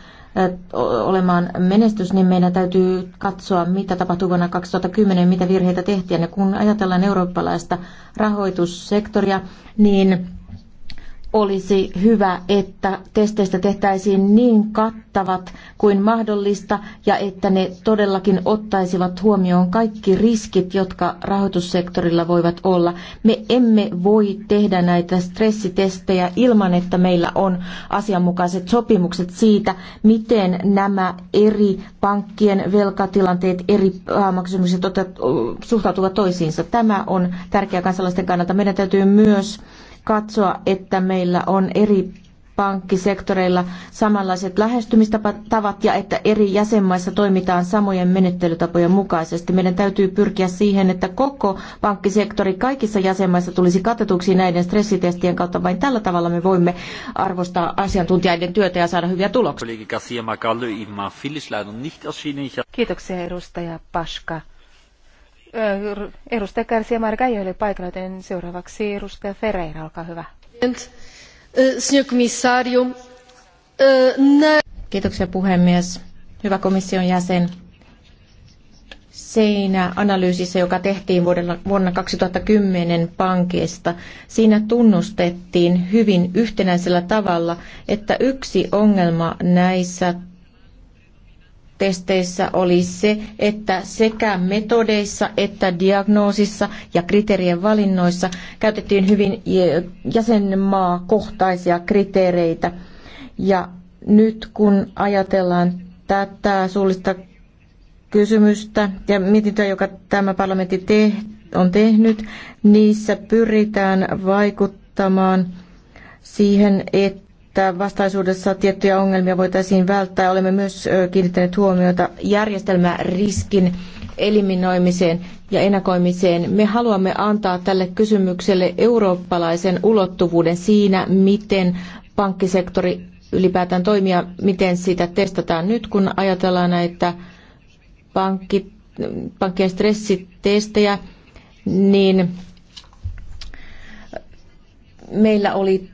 olemaan menestys, niin meidän täytyy katsoa, mitä tapahtui vuonna 2010, mitä virheitä tehtiin. Ja kun ajatellaan eurooppalaista rahoitussektoria, niin olisi hyvä, että testeistä tehtäisiin niin kattavat kuin mahdollista ja että ne todellakin ottaisivat huomioon kaikki riskit, jotka rahoitussektorilla voivat olla. Me emme voi tehdä näitä stressitestejä ilman, että meillä on asianmukaiset sopimukset siitä, miten nämä eri pankkien velkatilanteet, eri pääomakysymykset suhtautuvat toisiinsa. Tämä on tärkeää kansalaisten kannalta. Meidän täytyy myös katsoa, että meillä on eri pankkisektoreilla samanlaiset lähestymistavat ja että eri jäsenmaissa toimitaan samojen menettelytapojen mukaisesti. Meidän täytyy pyrkiä siihen, että koko pankkisektori kaikissa jäsenmaissa tulisi katetuksi näiden stressitestien kautta. Vain tällä tavalla me voimme arvostaa asiantuntijoiden työtä ja saada hyviä tuloksia. Kiitoksia edustaja Paska. Edustaja Kärsiä Marka ei ole paikalla, joten seuraavaksi edustaja Ferreira, olkaa hyvä. Kiitoksia puhemies. Hyvä komission jäsen. Siinä analyysissä, joka tehtiin vuonna 2010 pankeista, siinä tunnustettiin hyvin yhtenäisellä tavalla, että yksi ongelma näissä testeissä oli se, että sekä metodeissa että diagnoosissa ja kriteerien valinnoissa käytettiin hyvin jäsenmaakohtaisia kriteereitä. Ja nyt kun ajatellaan tätä suullista kysymystä ja mietintöä, joka tämä parlamentti te- on tehnyt, niissä pyritään vaikuttamaan siihen, että että vastaisuudessa tiettyjä ongelmia voitaisiin välttää. Olemme myös kiinnittäneet huomiota järjestelmäriskin eliminoimiseen ja ennakoimiseen. Me haluamme antaa tälle kysymykselle eurooppalaisen ulottuvuuden siinä, miten pankkisektori ylipäätään toimia, miten sitä testataan nyt, kun ajatellaan näitä pankki, pankkien stressitestejä, niin meillä oli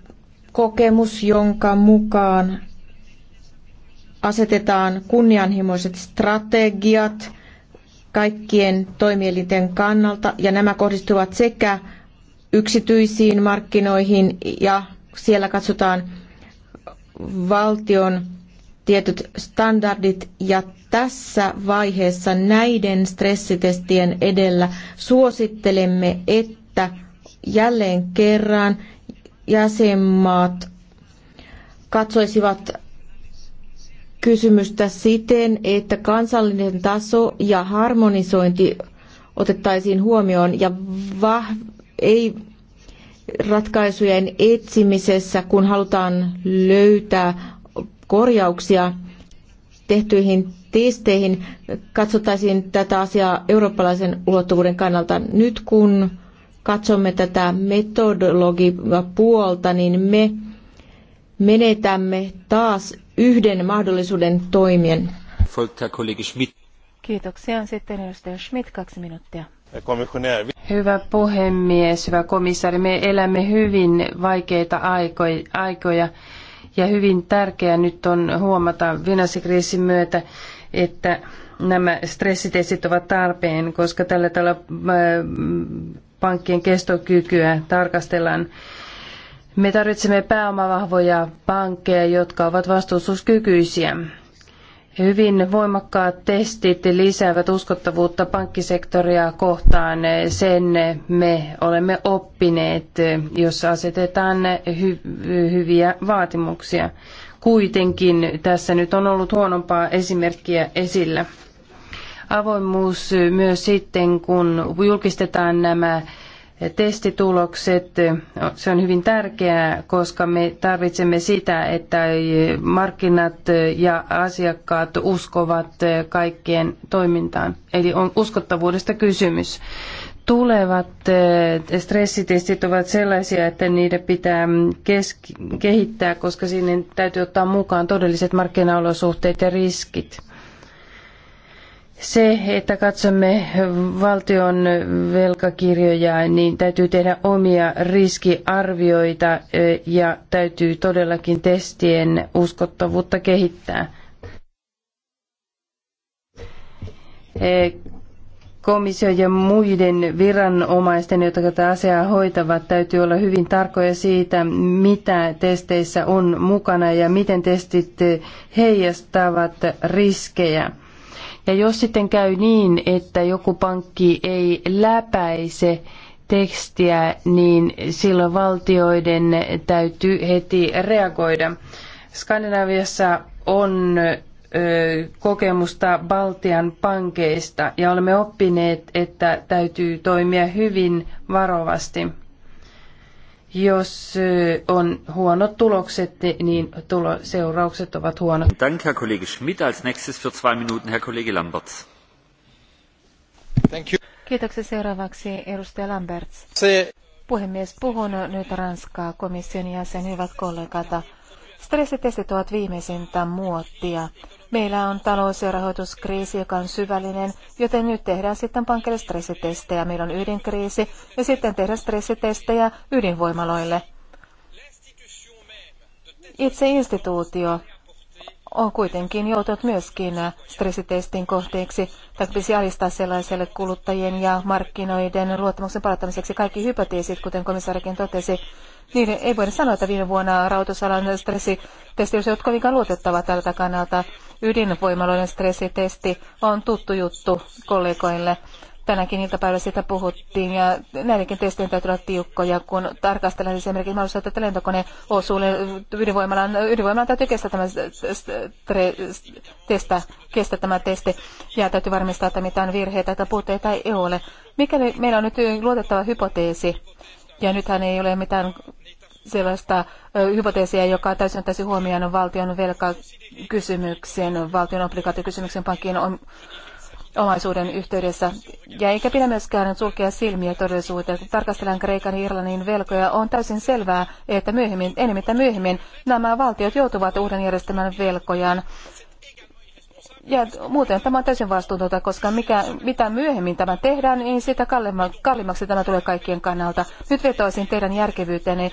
kokemus, jonka mukaan asetetaan kunnianhimoiset strategiat kaikkien toimielinten kannalta ja nämä kohdistuvat sekä yksityisiin markkinoihin ja siellä katsotaan valtion tietyt standardit ja tässä vaiheessa näiden stressitestien edellä suosittelemme, että jälleen kerran jäsenmaat katsoisivat kysymystä siten, että kansallinen taso ja harmonisointi otettaisiin huomioon ja vah- ei ratkaisujen etsimisessä, kun halutaan löytää korjauksia tehtyihin testeihin, katsottaisiin tätä asiaa eurooppalaisen ulottuvuuden kannalta. Nyt kun katsomme tätä metodologipuolta, niin me menetämme taas yhden mahdollisuuden toimien. Kiitoksia. Sitten edustaja Schmidt, kaksi minuuttia. Hyvä puhemies, hyvä komissaari. Me elämme hyvin vaikeita aikoja ja hyvin tärkeää nyt on huomata finanssikriisin myötä, että nämä stressitestit ovat tarpeen, koska tällä tavalla äh, pankkien kestokykyä tarkastellaan. Me tarvitsemme pääomavahvoja pankkeja, jotka ovat vastuuskykyisiä. Hyvin voimakkaat testit lisäävät uskottavuutta pankkisektoria kohtaan. Sen me olemme oppineet, jos asetetaan hyviä vaatimuksia. Kuitenkin tässä nyt on ollut huonompaa esimerkkiä esillä avoimuus myös sitten, kun julkistetaan nämä testitulokset. Se on hyvin tärkeää, koska me tarvitsemme sitä, että markkinat ja asiakkaat uskovat kaikkien toimintaan. Eli on uskottavuudesta kysymys. Tulevat eh, stressitestit ovat sellaisia, että niitä pitää kehittää, koska sinne täytyy ottaa mukaan todelliset markkinaolosuhteet ja riskit se, että katsomme valtion velkakirjoja, niin täytyy tehdä omia riskiarvioita ja täytyy todellakin testien uskottavuutta kehittää. Komission ja muiden viranomaisten, jotka tätä asiaa hoitavat, täytyy olla hyvin tarkkoja siitä, mitä testeissä on mukana ja miten testit heijastavat riskejä. Ja jos sitten käy niin, että joku pankki ei läpäise tekstiä, niin silloin valtioiden täytyy heti reagoida. Skandinaviassa on kokemusta Baltian pankeista ja olemme oppineet, että täytyy toimia hyvin varovasti. Jos on huonot tulokset, niin tulo- seuraukset ovat huonot. Danke, Herr Kollege Schmidt. Als nächstes für zwei Minuten Herr Kollege Lamberts. Thank you. Kiitoksia seuraavaksi edustaja Lamberts. Se... Puhemies, puhun nyt Ranskaa komission jäsen, hyvät kollegat. Stressitestit ovat viimeisintä muottia. Meillä on talous- ja rahoituskriisi, joka on syvällinen, joten nyt tehdään sitten pankille stressitestejä. Meillä on ydinkriisi ja sitten tehdään stressitestejä ydinvoimaloille. Itse instituutio on kuitenkin joutunut myöskin stressitestin kohteeksi, Tätä pitäisi alistaa sellaiselle kuluttajien ja markkinoiden luottamuksen parantamiseksi kaikki hypoteesit, kuten komissaarikin totesi, niin ei voida sanoa, että viime vuonna rautusalan stressitesti olisi ollut kovinkaan luotettava tältä kannalta. Ydinvoimaloiden stressitesti on tuttu juttu kollegoille. Tänäkin iltapäivällä sitä puhuttiin ja näidenkin testien täytyy olla tiukkoja, kun tarkastellaan siis esimerkiksi mahdollista, että lentokone osuu ydinvoimalan, ydinvoimalan täytyy kestää tämä, testa, kestää tämä testi ja täytyy varmistaa, että mitään virheitä tai puutteita ei ole. Mikäli meillä on nyt luotettava hypoteesi, ja nythän ei ole mitään sellaista hypoteesia, joka täysin ottaisi huomioon valtion velkakysymyksen, valtion obligaatiokysymyksen pankkien on omaisuuden yhteydessä. Ja eikä pidä myöskään sulkea silmiä todellisuuteen. Kun tarkastellaan Kreikan ja Irlannin velkoja, on täysin selvää, että myöhemmin, enemmän myöhemmin nämä valtiot joutuvat uuden järjestelmän velkojaan ja muuten tämä on täysin vastuutonta, koska mikä, mitä myöhemmin tämä tehdään, niin sitä kalliimmaksi tämä tulee kaikkien kannalta. Nyt vetoisin teidän järkevyyteen ja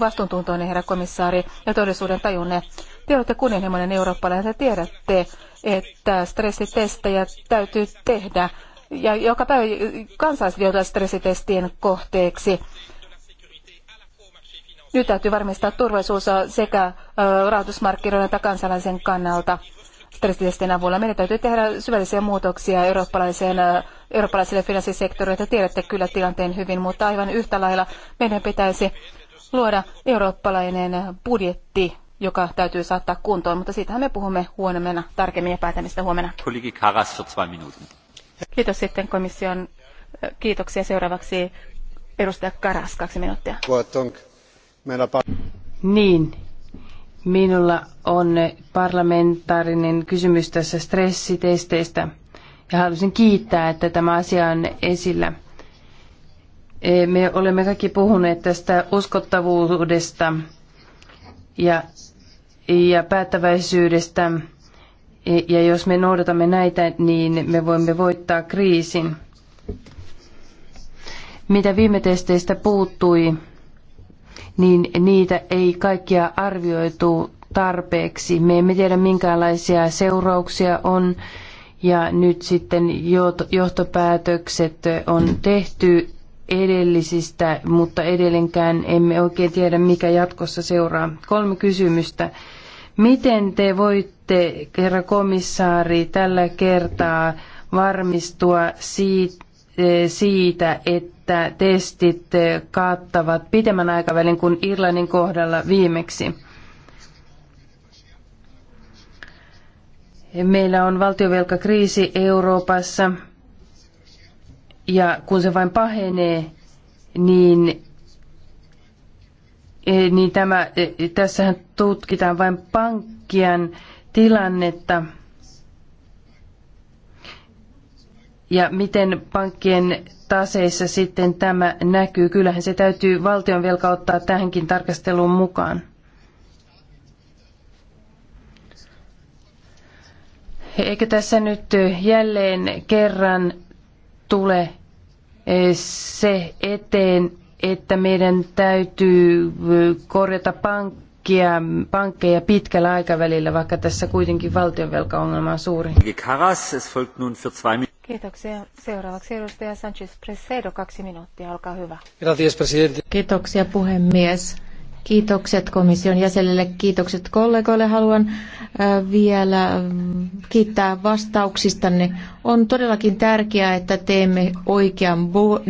vastuuntuntoinen herra komissaari, ja todellisuuden tajunne. Te olette kunnianhimoinen eurooppalainen ja tiedätte, että stressitestejä täytyy tehdä. Ja joka päivä kansalaiset joutuvat stressitestien kohteeksi. Nyt täytyy varmistaa turvallisuus sekä rahoitusmarkkinoiden että kansalaisen kannalta stressitestien avulla. Meidän täytyy tehdä syvällisiä muutoksia eurooppalaiseen, eurooppalaiselle finanssisektorille. Te tiedätte kyllä tilanteen hyvin, mutta aivan yhtä lailla meidän pitäisi luoda eurooppalainen budjetti, joka täytyy saattaa kuntoon, mutta siitähän me puhumme huomenna tarkemmin ja päätämistä huomenna. Kiitos sitten komission. Kiitoksia seuraavaksi edustaja Karas, kaksi minuuttia. Niin, Minulla on parlamentaarinen kysymys tässä stressitesteistä ja haluaisin kiittää, että tämä asia on esillä. E, me olemme kaikki puhuneet tästä uskottavuudesta ja, ja päättäväisyydestä. E, ja jos me noudatamme näitä, niin me voimme voittaa kriisin. Mitä viime testeistä puuttui, niin niitä ei kaikkia arvioitu tarpeeksi. Me emme tiedä minkälaisia seurauksia on ja nyt sitten johtopäätökset on tehty edellisistä, mutta edelleenkään emme oikein tiedä, mikä jatkossa seuraa. Kolme kysymystä. Miten te voitte, herra komissaari, tällä kertaa varmistua siitä, eh, siitä että että testit kattavat pitemmän aikavälin kuin Irlannin kohdalla viimeksi. Meillä on valtiovelkakriisi Euroopassa ja kun se vain pahenee, niin, niin tämä, tässähän tutkitaan vain pankkien tilannetta – ja miten pankkien taseissa sitten tämä näkyy. Kyllähän se täytyy valtion velka ottaa tähänkin tarkasteluun mukaan. Eikö tässä nyt jälleen kerran tule eh, se eteen, että meidän täytyy eh, korjata pankki pankkia, pankkeja pitkällä aikavälillä, vaikka tässä kuitenkin valtionvelkaongelma on suuri. Kiitoksia. Seuraavaksi edustaja Sanchez Presedo, kaksi minuuttia, olkaa hyvä. Kiitoksia puhemies. Kiitokset komission jäsenille, kiitokset kollegoille. Haluan äh, vielä mm, kiittää vastauksistanne. On todellakin tärkeää, että teemme oikean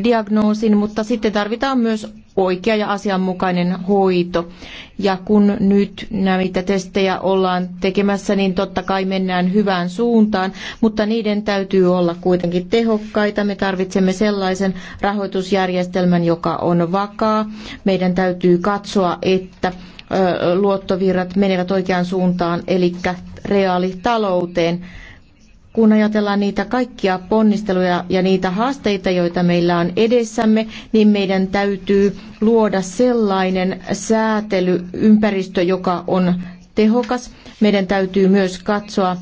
diagnoosin, mutta sitten tarvitaan myös oikea ja asianmukainen hoito. Ja kun nyt näitä testejä ollaan tekemässä, niin totta kai mennään hyvään suuntaan, mutta niiden täytyy olla kuitenkin tehokkaita. Me tarvitsemme sellaisen rahoitusjärjestelmän, joka on vakaa. Meidän täytyy katsoa, että luottovirrat menevät oikeaan suuntaan, eli reaalitalouteen kun ajatellaan niitä kaikkia ponnisteluja ja niitä haasteita, joita meillä on edessämme, niin meidän täytyy luoda sellainen säätelyympäristö, joka on tehokas. Meidän täytyy myös katsoa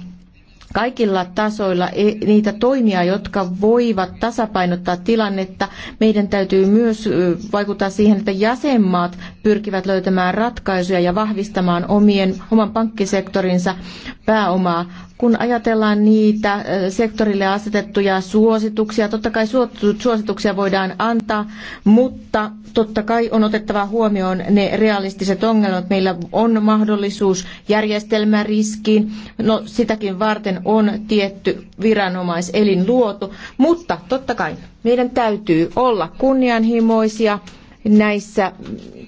kaikilla tasoilla e, niitä toimia, jotka voivat tasapainottaa tilannetta. Meidän täytyy myös vaikuttaa siihen, että jäsenmaat pyrkivät löytämään ratkaisuja ja vahvistamaan omien, oman pankkisektorinsa pääomaa kun ajatellaan niitä sektorille asetettuja suosituksia, totta kai suosituksia voidaan antaa, mutta totta kai on otettava huomioon ne realistiset ongelmat. Meillä on mahdollisuus järjestelmäriskiin, no sitäkin varten on tietty viranomaiselin luotu, mutta totta kai meidän täytyy olla kunnianhimoisia näissä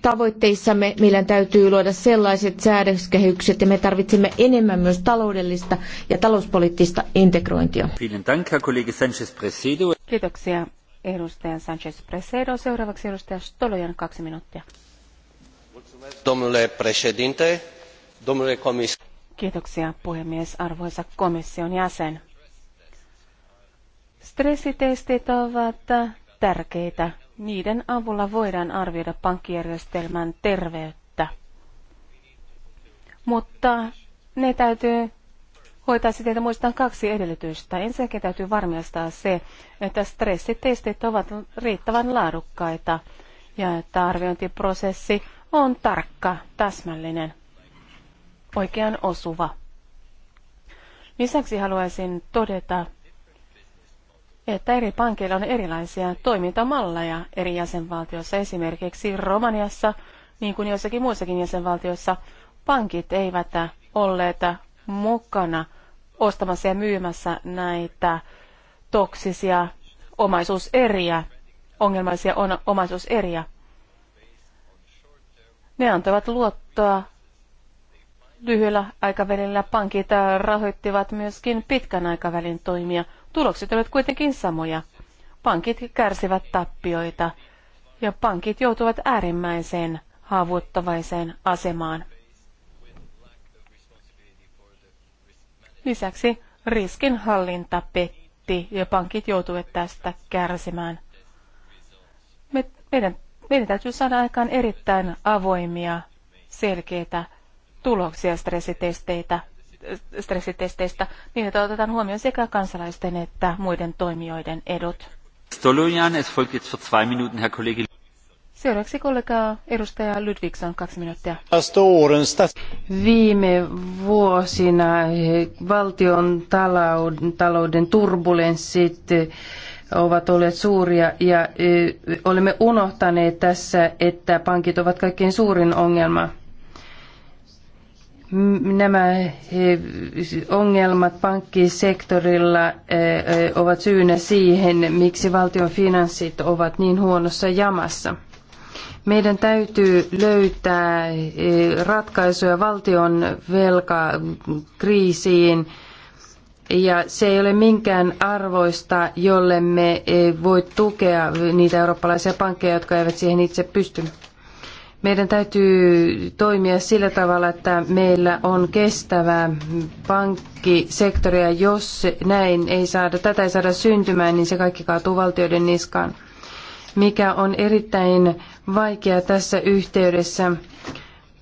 tavoitteissamme meidän täytyy luoda sellaiset säädöskehykset ja me tarvitsemme enemmän myös taloudellista ja talouspoliittista integrointia. Kiitoksia edustaja Sanchez Presedo. Seuraavaksi edustaja Stolojan kaksi minuuttia. Domnule președinte, domnule komis... Kiitoksia puhemies, arvoisa komission jäsen. Stressitestit ovat tärkeitä niiden avulla voidaan arvioida pankkijärjestelmän terveyttä. Mutta ne täytyy hoitaa siten, että muistetaan kaksi edellytystä. Ensinnäkin täytyy varmistaa se, että stressitestit ovat riittävän laadukkaita ja että arviointiprosessi on tarkka, täsmällinen, oikean osuva. Lisäksi haluaisin todeta, että eri pankeilla on erilaisia toimintamalleja eri jäsenvaltioissa. Esimerkiksi Romaniassa, niin kuin joissakin muissakin jäsenvaltioissa, pankit eivät olleet mukana ostamassa ja myymässä näitä toksisia omaisuuseriä, ongelmaisia omaisuuseriä. Ne antoivat luottoa lyhyellä aikavälillä. Pankit rahoittivat myöskin pitkän aikavälin toimia – Tulokset ovat kuitenkin samoja. Pankit kärsivät tappioita ja pankit joutuvat äärimmäiseen haavuttavaiseen asemaan. Lisäksi riskinhallinta petti ja pankit joutuivat tästä kärsimään. Me, meidän, meidän täytyy saada aikaan erittäin avoimia, selkeitä tuloksia stressitesteitä stressitesteistä niin, että otetaan huomioon sekä kansalaisten että muiden toimijoiden edut. Stolojan, es folgt jetzt für zwei Minuten, Herr Kollege. Seuraavaksi kollega edustaja Ludvigson, kaksi minuuttia. Viime vuosina valtion talouden turbulenssit ovat olleet suuria ja olemme unohtaneet tässä, että pankit ovat kaikkein suurin ongelma nämä ongelmat pankkisektorilla eh, eh, ovat syynä siihen, miksi valtion finanssit ovat niin huonossa jamassa. Meidän täytyy löytää eh, ratkaisuja valtion velkakriisiin, ja se ei ole minkään arvoista, jolle me voi tukea niitä eurooppalaisia pankkeja, jotka eivät siihen itse pysty. Meidän täytyy toimia sillä tavalla, että meillä on kestävä pankkisektoria. Jos näin ei saada, tätä ei saada syntymään, niin se kaikki kaatuu valtioiden niskaan. Mikä on erittäin vaikea tässä yhteydessä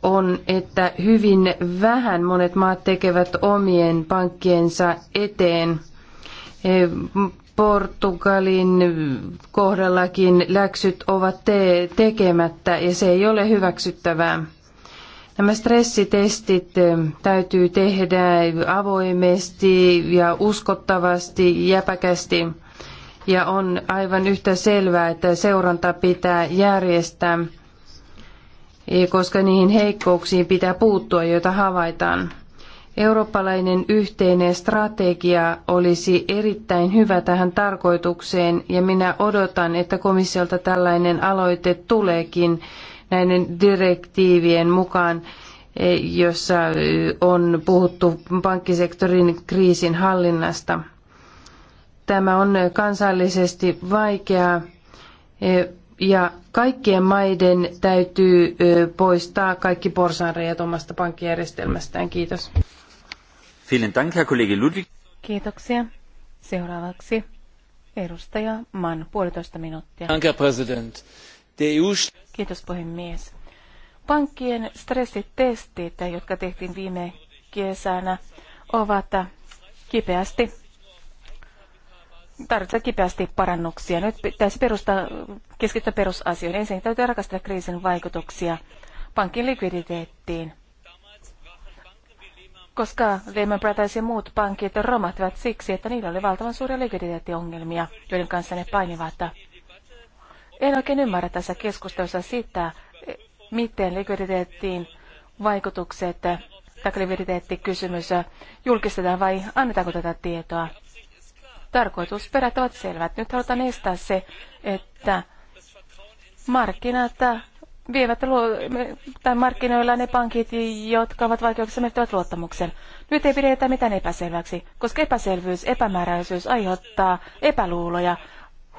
on, että hyvin vähän monet maat tekevät omien pankkiensa eteen. Portugalin kohdallakin läksyt ovat te- tekemättä ja se ei ole hyväksyttävää. Nämä stressitestit eh, täytyy tehdä avoimesti ja uskottavasti, jäpäkästi. Ja on aivan yhtä selvää, että seuranta pitää järjestää, eh, koska niihin heikkouksiin pitää puuttua, joita havaitaan. Eurooppalainen yhteinen strategia olisi erittäin hyvä tähän tarkoitukseen ja minä odotan, että komissiolta tällainen aloite tuleekin näiden direktiivien mukaan, e, jossa e, on puhuttu pankkisektorin kriisin hallinnasta. Tämä on kansallisesti vaikeaa e, ja kaikkien maiden täytyy poistaa kaikki porsaanreijät omasta pankkijärjestelmästään. Kiitos. Kiitoksia. Seuraavaksi edustaja Mann, puolitoista minuuttia. E Kiitos puhemies. Pankkien stressitestit, jotka tehtiin viime kesänä, ovat kipeästi tarvitsee kipeästi parannuksia. Nyt pitäisi perustaa, keskittyä perusasioihin. Ensin täytyy rakastaa kriisin vaikutuksia pankin likviditeettiin koska Lehman Brothers ja muut pankit romahtivat siksi, että niillä oli valtavan suuria likviditeettiongelmia, joiden kanssa ne painivat. En oikein ymmärrä tässä keskustelussa sitä, miten likviditeettiin vaikutukset tai likviditeettikysymys julkistetaan vai annetaanko tätä tietoa. Tarkoitusperät ovat selvät. Nyt halutaan estää se, että markkinat vievät tai markkinoilla ne pankit, jotka ovat vaikeuksissa menettävät luottamuksen. Nyt ei pidetä mitään epäselväksi, koska epäselvyys, epämääräisyys aiheuttaa epäluuloja,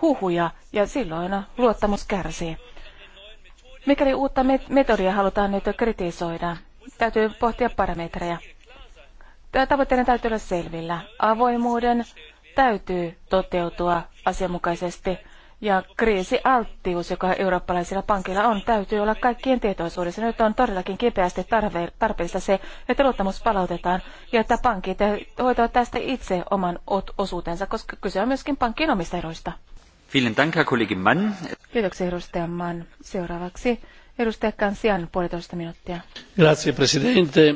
huhuja ja silloin luottamus kärsii. Mikäli uutta metodia halutaan nyt kritisoida, täytyy pohtia parametreja. Tavoitteiden täytyy olla selvillä. Avoimuuden täytyy toteutua asianmukaisesti ja kriisialttius, joka eurooppalaisilla pankilla on, täytyy olla kaikkien tietoisuudessa. Nyt on todellakin kipeästi tarve, tarpeellista se, että luottamus palautetaan ja että pankit hoitavat tästä itse oman osuutensa, koska kyse on myöskin pankkien omista eroista. Kiitoksia edustaja Mann. Seuraavaksi edustaja Kansian puolitoista minuuttia. Grazie, presidente.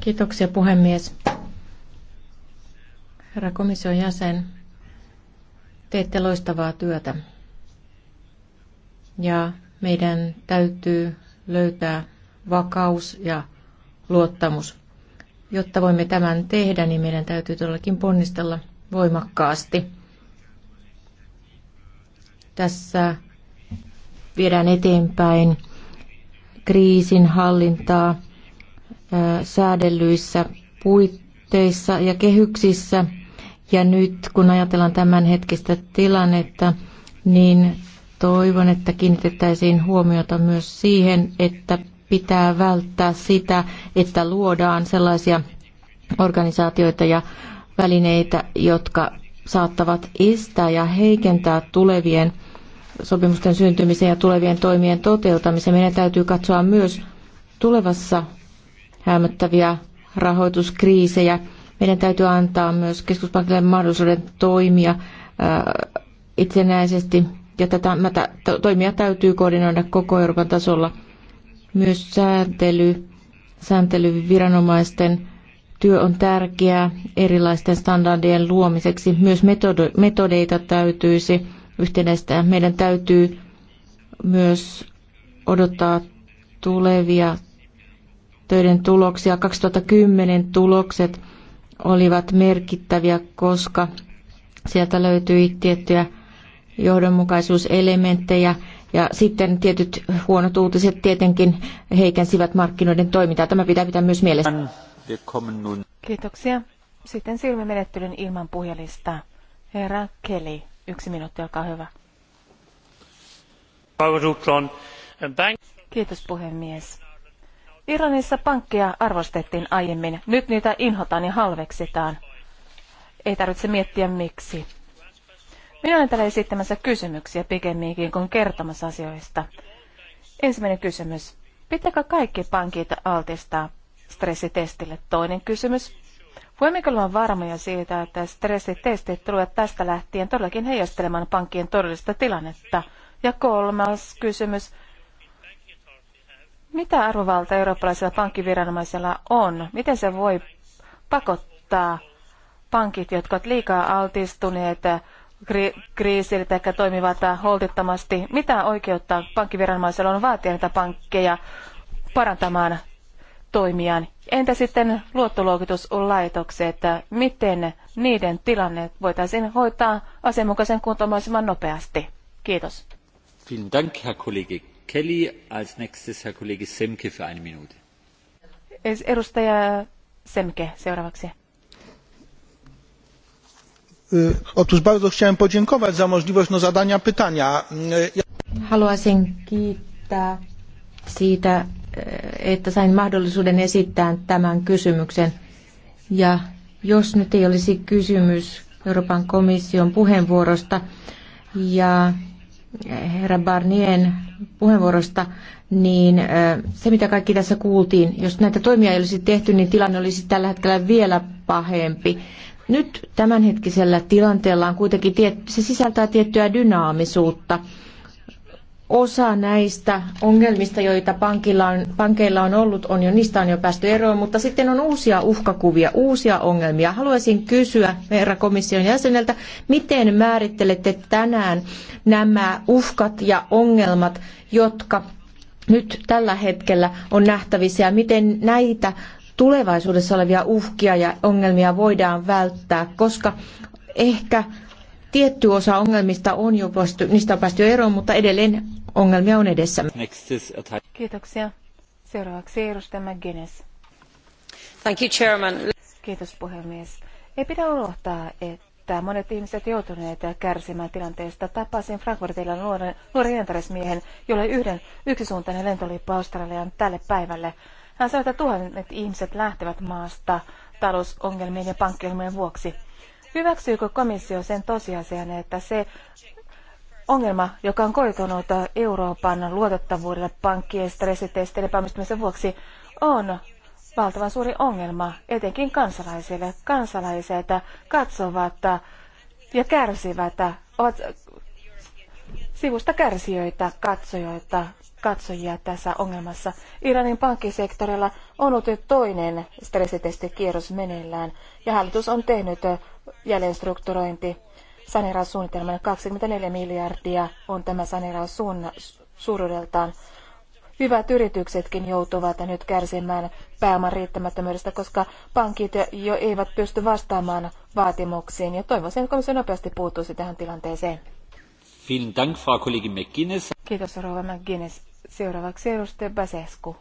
Kiitoksia puhemies. Herra komission jäsen, teette loistavaa työtä ja meidän täytyy löytää vakaus ja luottamus. Jotta voimme tämän tehdä, niin meidän täytyy todellakin ponnistella voimakkaasti. Tässä viedään eteenpäin kriisin hallintaa säädellyissä puitteissa ja kehyksissä. Ja nyt kun ajatellaan tämän hetkistä tilannetta, niin toivon, että kiinnitettäisiin huomiota myös siihen, että pitää välttää sitä, että luodaan sellaisia organisaatioita ja välineitä, jotka saattavat estää ja heikentää tulevien sopimusten syntymisen ja tulevien toimien toteutamisen. Meidän täytyy katsoa myös tulevassa hämöttäviä rahoituskriisejä. Meidän täytyy antaa myös keskuspankille mahdollisuuden toimia itsenäisesti ja tätä toimia täytyy koordinoida koko Euroopan tasolla. Myös sääntely, sääntelyviranomaisten työ on tärkeää erilaisten standardien luomiseksi. Myös metodeita täytyisi yhtenäistää. Meidän täytyy myös odottaa tulevia töiden tuloksia. 2010 tulokset olivat merkittäviä, koska sieltä löytyi tiettyjä johdonmukaisuuselementtejä ja sitten tietyt huonot uutiset tietenkin heikensivät markkinoiden toimintaa. Tämä pitää pitää myös mielessä. Kiitoksia. Sitten silmimenettelyn ilman puhelista. Herra Kelly. yksi minuutti, olkaa hyvä. Kiitos puhemies. Iranissa pankkeja arvostettiin aiemmin. Nyt niitä inhotaan ja halveksitaan. Ei tarvitse miettiä miksi. Minä olen täällä esittämässä kysymyksiä pikemminkin kuin kertomassa asioista. Ensimmäinen kysymys. Pitääkö kaikki pankit altistaa stressitestille? Toinen kysymys. Voimmeko olla varmoja siitä, että stressitestit tulevat tästä lähtien todellakin heijastelemaan pankkien todellista tilannetta? Ja kolmas kysymys. Mitä arvovalta eurooppalaisella pankkiviranomaisella on? Miten se voi pakottaa pankit, jotka ovat liikaa altistuneet kriisiltä tai toimivat holtittomasti. Mitä oikeutta pankkiviranomaisella on vaatia näitä pankkeja parantamaan toimiaan? Entä sitten luottoluokituslaitokset? Miten niiden tilanne voitaisiin hoitaa asianmukaisen kuntoon mahdollisimman nopeasti? Kiitos. Vielen Dank, Herr Kollege Kelly. Als nächstes Herr Kollege Semke für eine Minute. Edustaja Semke seuraavaksi. Otóż bardzo chciałem podziękować za możliwość no, zadania pytania. Haluaisin kiittää siitä, että sain mahdollisuuden esittää tämän kysymyksen. Ja jos nyt ei olisi kysymys Euroopan komission puheenvuorosta ja eh, herra Barnien puheenvuorosta, niin eh, se mitä kaikki tässä kuultiin, jos näitä toimia ei olisi tehty, niin tilanne olisi tällä hetkellä vielä pahempi. Nyt tämänhetkisellä tilanteella on kuitenkin, se sisältää tiettyä dynaamisuutta. Osa näistä ongelmista, joita pankilla on, pankeilla on ollut, on jo, niistä on jo päästy eroon, mutta sitten on uusia uhkakuvia, uusia ongelmia. Haluaisin kysyä herra komission jäseneltä, miten määrittelette tänään nämä uhkat ja ongelmat, jotka nyt tällä hetkellä on nähtävissä ja miten näitä tulevaisuudessa olevia uhkia ja ongelmia voidaan välttää, koska ehkä tietty osa ongelmista on jo päästy, niistä on päästy eroon, mutta edelleen ongelmia on edessä. Kiitoksia. Seuraavaksi edustaja McGuinness. Thank you, Chairman. Kiitos puhemies. Ei pidä unohtaa, että monet ihmiset joutuneet kärsimään tilanteesta. Tapasin Frankfurtilla nuoren, nuoren jolla jolle yhden yksisuuntainen lentolippu Australian tälle päivälle hän sanoi, että tuhannet ihmiset lähtevät maasta talousongelmien ja pankkiongelmien vuoksi. Hyväksyykö komissio sen tosiasian, että se ongelma, joka on koitunut Euroopan luotettavuudelle pankkien stressitestien epäonnistumisen vuoksi, on valtavan suuri ongelma, etenkin kansalaisille. Kansalaiset katsovat ja kärsivät, ovat sivusta kärsijöitä, katsojoita katsojia tässä ongelmassa. Iranin pankkisektorilla on ollut toinen stressitestikierros meneillään ja hallitus on tehnyt jäljenstrukturointi saneeraussuunnitelman 24 miljardia on tämä saneeraus suuruudeltaan. Hyvät yrityksetkin joutuvat nyt kärsimään pääoman riittämättömyydestä, koska pankit jo eivät pysty vastaamaan vaatimuksiin. Ja toivoisin, että komissio nopeasti puuttuisi tähän tilanteeseen. Kiitos, rouva McGuinness. Seuraavaksi edustaja Basescu.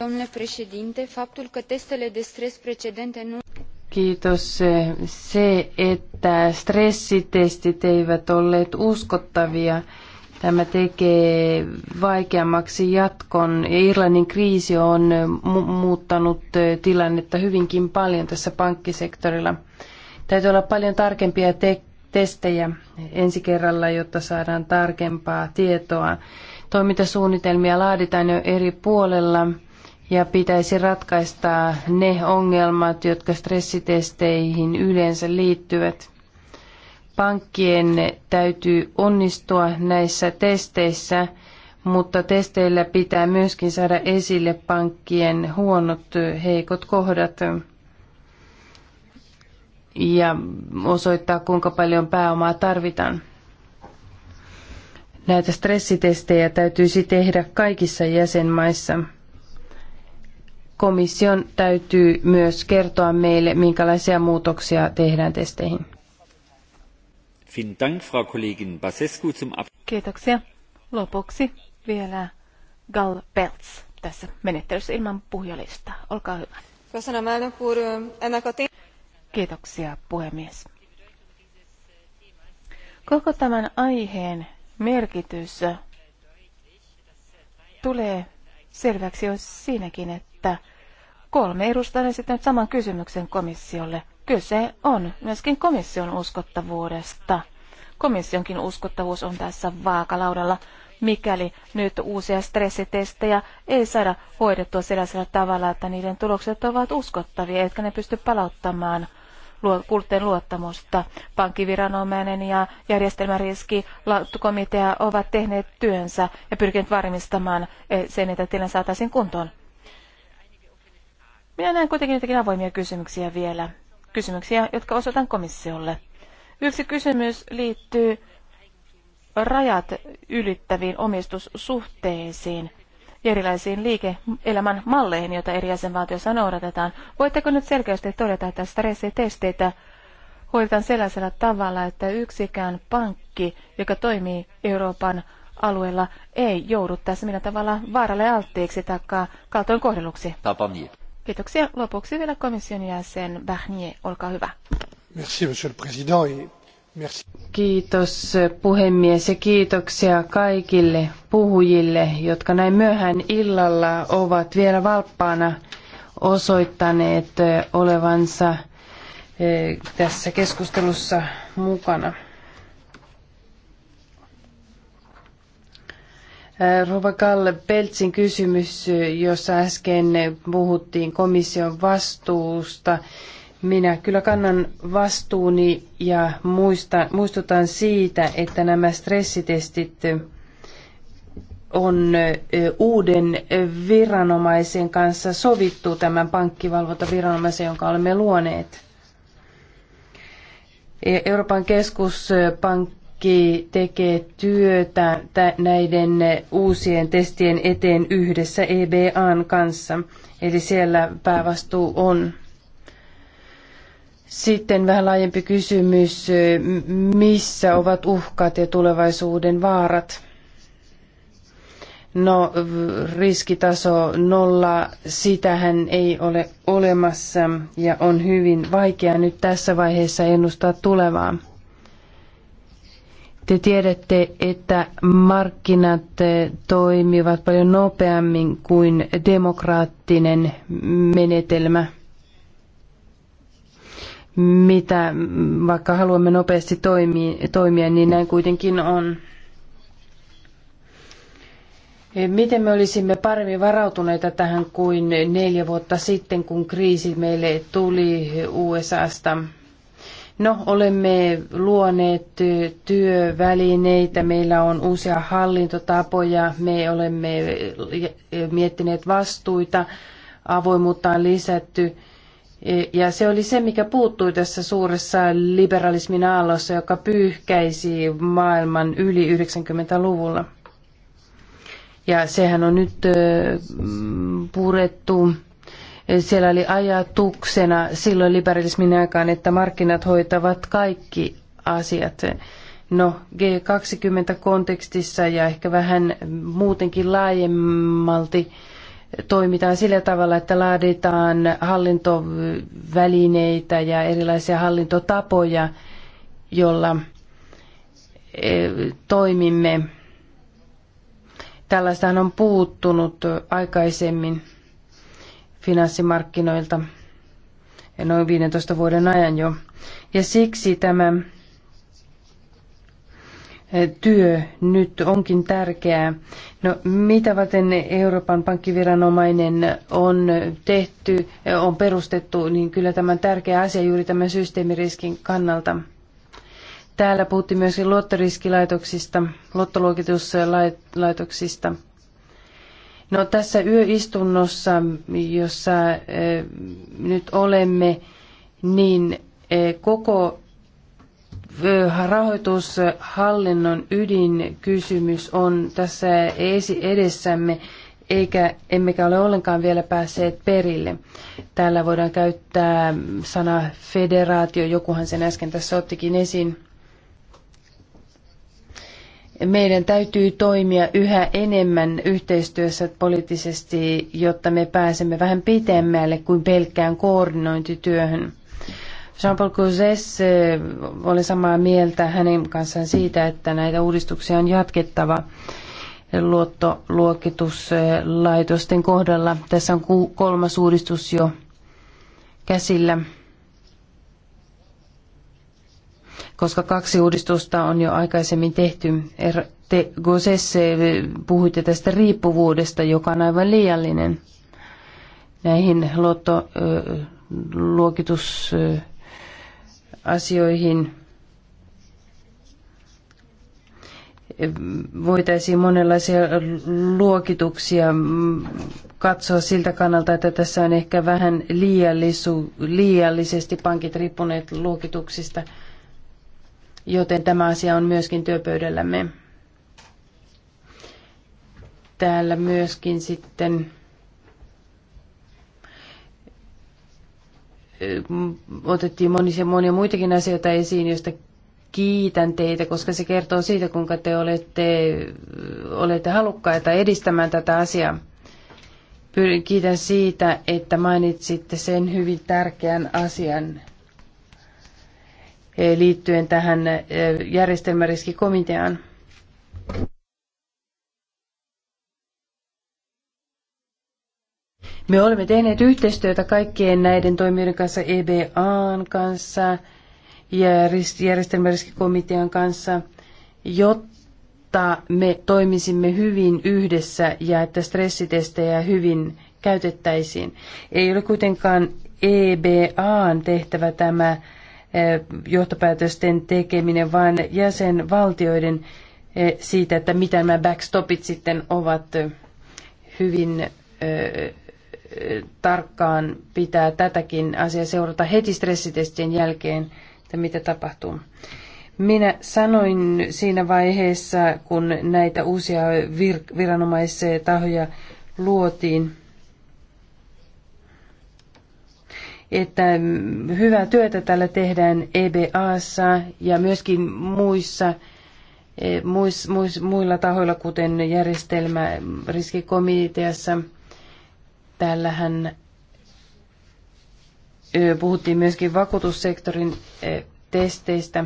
Domnule președinte, faptul că testele de stres precedente nu... Kiitos. Se, että stressitestit eivät olleet uskottavia, tämä tekee vaikeammaksi jatkon. Irlannin kriisi on mu- muuttanut tilannetta hyvinkin paljon tässä pankkisektorilla. Täytyy olla paljon tarkempia tekoja testejä ensi kerralla, jotta saadaan tarkempaa tietoa. Toimintasuunnitelmia laaditaan jo eri puolella ja pitäisi ratkaista ne ongelmat, jotka stressitesteihin yleensä liittyvät. Pankkien täytyy onnistua näissä testeissä, mutta testeillä pitää myöskin saada esille pankkien huonot, heikot kohdat ja osoittaa, kuinka paljon pääomaa tarvitaan. Näitä stressitestejä täytyisi tehdä kaikissa jäsenmaissa. Komission täytyy myös kertoa meille, minkälaisia muutoksia tehdään testeihin. Kiitoksia. Lopuksi vielä Gal Peltz tässä menettelyssä ilman puhujalistaa. Olkaa hyvä. Kiitoksia, puhemies. Koko tämän aiheen merkitys tulee selväksi jo siinäkin, että kolme edustajaa on esittänyt saman kysymyksen komissiolle. Kyse on myöskin komission uskottavuudesta. Komissionkin uskottavuus on tässä vaakalaudalla, mikäli nyt uusia stressitestejä ei saada hoidettua sellaisella tavalla, että niiden tulokset ovat uskottavia, etkä ne pysty palauttamaan – kuluttajien luottamusta. Pankkiviranomainen ja järjestelmäriskikomitea ovat tehneet työnsä ja pyrkineet varmistamaan e, sen, että tilanne saataisiin kuntoon. Minä näen kuitenkin jotakin avoimia kysymyksiä vielä. Kysymyksiä, jotka osoitan komissiolle. Yksi kysymys liittyy rajat ylittäviin omistussuhteisiin erilaisiin liike-elämän malleihin, joita eri jäsenvaltioissa noudatetaan. Voitteko nyt selkeästi todeta, että stressitesteitä hoidetaan sellaisella tavalla, että yksikään pankki, joka toimii Euroopan alueella, ei joudu tässä millä tavalla vaaralle alttiiksi tai kaltoin kohdelluksi? Kiitoksia. Lopuksi vielä komission jäsen Bernier, olkaa hyvä. Merci, monsieur le président. Kiitos puhemies ja kiitoksia kaikille puhujille, jotka näin myöhään illalla ovat vielä valppaana osoittaneet eh, olevansa eh, tässä keskustelussa mukana. Eh, Rova Kalle Peltsin kysymys, jossa äsken puhuttiin komission vastuusta minä kyllä kannan vastuuni ja muistan, muistutan siitä, että nämä stressitestit on uuden viranomaisen kanssa sovittu tämän pankkivalvontaviranomaisen, jonka olemme luoneet. E, Euroopan keskuspankki tekee työtä näiden uusien testien eteen yhdessä EBAn kanssa, eli siellä päävastuu on. Sitten vähän laajempi kysymys, missä ovat uhkat ja tulevaisuuden vaarat? No, riskitaso nolla, sitähän ei ole olemassa ja on hyvin vaikea nyt tässä vaiheessa ennustaa tulevaa. Te tiedätte, että markkinat eh, toimivat paljon nopeammin kuin demokraattinen menetelmä – mitä vaikka haluamme nopeasti toimia, toimia niin näin kuitenkin on. Eh, miten me olisimme paremmin varautuneita tähän kuin neljä vuotta sitten, kun kriisi meille tuli USAsta? No, olemme luoneet työvälineitä, meillä on uusia hallintotapoja, me olemme eh, miettineet vastuita, avoimuutta on lisätty – ja se oli se, mikä puuttui tässä suuressa liberalismin aallossa, joka pyyhkäisi maailman yli 90-luvulla. Ja sehän on nyt purettu. Siellä oli ajatuksena silloin liberalismin aikaan, että markkinat hoitavat kaikki asiat. No, G20-kontekstissa ja ehkä vähän muutenkin laajemmalti toimitaan sillä tavalla, että laaditaan hallintovälineitä ja erilaisia hallintotapoja, jolla e, toimimme. Tällaistahan on puuttunut aikaisemmin finanssimarkkinoilta noin 15 vuoden ajan jo. Ja siksi tämä työ nyt onkin tärkeää. No, mitä varten Euroopan pankkiviranomainen on tehty, on perustettu, niin kyllä tämä on tärkeä asia juuri tämän systeemiriskin kannalta. Täällä puhuttiin myös luottoriskilaitoksista, luottoluokituslaitoksista. No, tässä yöistunnossa, jossa eh, nyt olemme, niin eh, koko rahoitushallinnon ydinkysymys on tässä edessämme, eikä, emmekä ole ollenkaan vielä päässeet perille. Täällä voidaan käyttää sana federaatio, jokuhan sen äsken tässä ottikin esiin. Meidän täytyy toimia yhä enemmän yhteistyössä poliittisesti, jotta me pääsemme vähän pitemmälle kuin pelkkään koordinointityöhön. Jean-Paul Gauzes, olen samaa mieltä hänen kanssaan siitä, että näitä uudistuksia on jatkettava luottoluokituslaitosten kohdalla. Tässä on kolmas uudistus jo käsillä, koska kaksi uudistusta on jo aikaisemmin tehty. Er, te Goses puhuitte tästä riippuvuudesta, joka on aivan liiallinen näihin luottoluokituslaitoksiin asioihin voitaisiin monenlaisia luokituksia katsoa siltä kannalta, että tässä on ehkä vähän liiallisu, liiallisesti pankit riippuneet luokituksista, joten tämä asia on myöskin työpöydällämme. Täällä myöskin sitten otettiin monisia, monia muitakin asioita esiin, joista kiitän teitä, koska se kertoo siitä, kuinka te olette, olette halukkaita edistämään tätä asiaa. Kiitän siitä, että mainitsitte sen hyvin tärkeän asian eh, liittyen tähän eh, järjestelmäriskikomiteaan. Me olemme tehneet yhteistyötä kaikkien näiden toimijoiden kanssa, EBAn kanssa ja järjestelmäriskikomitean kanssa, jotta me toimisimme hyvin yhdessä ja että stressitestejä hyvin käytettäisiin. Ei ole kuitenkaan EBAn tehtävä tämä eh, johtopäätösten tekeminen, vaan jäsenvaltioiden eh, siitä, että mitä nämä backstopit sitten ovat eh, hyvin tarkkaan pitää tätäkin asiaa seurata heti stressitestien jälkeen, että mitä tapahtuu. Minä sanoin siinä vaiheessa, kun näitä uusia vir- tahoja luotiin, että hyvää työtä tällä tehdään EBAssa ja myöskin muissa, muissa, eh, muissa muilla tahoilla, kuten järjestelmäriskikomiteassa – Täällähän puhuttiin myöskin vakuutussektorin testeistä,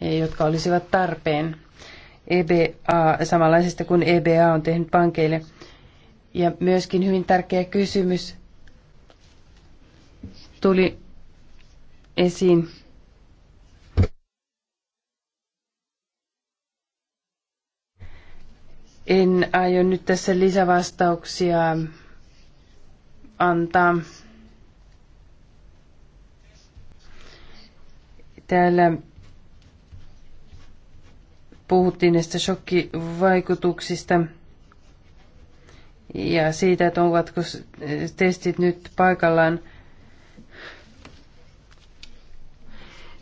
e, jotka olisivat tarpeen. EBA, samanlaisista kuin EBA on tehnyt pankeille. Ja myöskin hyvin tärkeä kysymys tuli esiin. En aio nyt tässä lisävastauksia antaa. Täällä puhuttiin näistä shokkivaikutuksista ja siitä, että ovatko testit nyt paikallaan.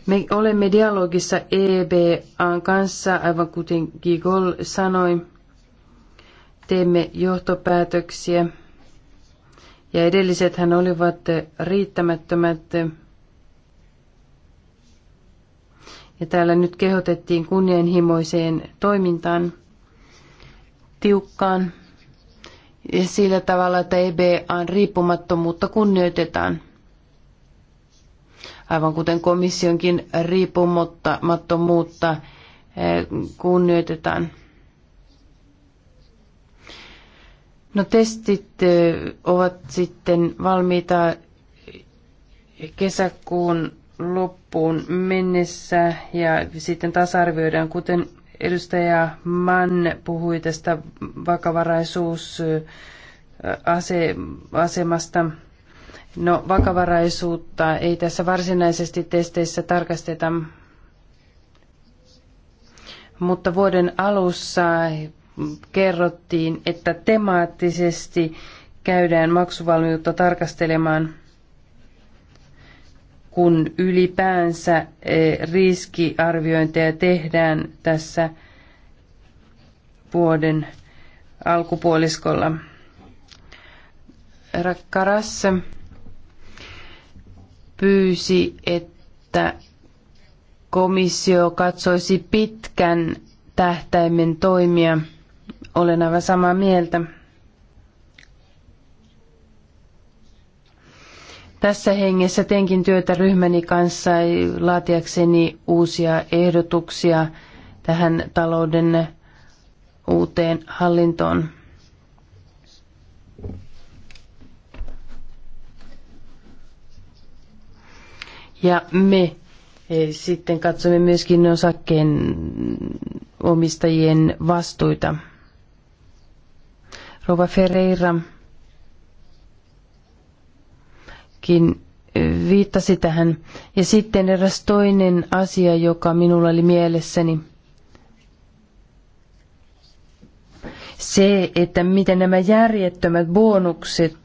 Me olemme dialogissa EBAn kanssa, aivan kuten Gigol sanoi. Teemme johtopäätöksiä ja edelliset hän olivat riittämättömät. Ja täällä nyt kehotettiin kunnianhimoiseen toimintaan tiukkaan ja sillä tavalla, että EBAn riippumattomuutta kunnioitetaan. Aivan kuten komissionkin riippumattomuutta eh, kunnioitetaan. No testit ovat sitten valmiita kesäkuun loppuun mennessä ja sitten taas arvioidaan, kuten edustaja Mann puhui tästä vakavaraisuusasemasta. No vakavaraisuutta ei tässä varsinaisesti testeissä tarkasteta, mutta vuoden alussa kerrottiin, että temaattisesti käydään maksuvalmiutta tarkastelemaan, kun ylipäänsä eh, riskiarviointeja tehdään tässä vuoden alkupuoliskolla. Rakkaras pyysi, että komissio katsoisi pitkän tähtäimen toimia – olen aivan samaa mieltä. Tässä hengessä teenkin työtä ryhmäni kanssa laatiakseni uusia ehdotuksia tähän talouden uuteen hallintoon. Ja me eh, sitten katsomme myöskin osakkeen omistajien vastuita. Rova Ferreirakin viittasi tähän. Ja sitten eräs toinen asia, joka minulla oli mielessäni. Se, että miten nämä järjettömät bonukset,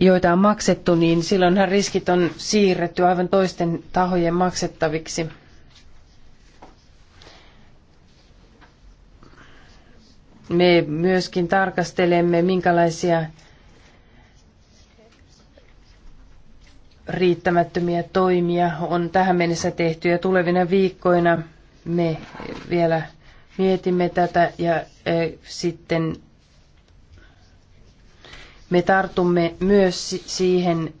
joita on maksettu, niin silloinhan riskit on siirretty aivan toisten tahojen maksettaviksi. Me myöskin tarkastelemme, minkälaisia riittämättömiä toimia on tähän mennessä tehty ja tulevina viikkoina me vielä mietimme tätä ja eh, sitten me tartumme myös siihen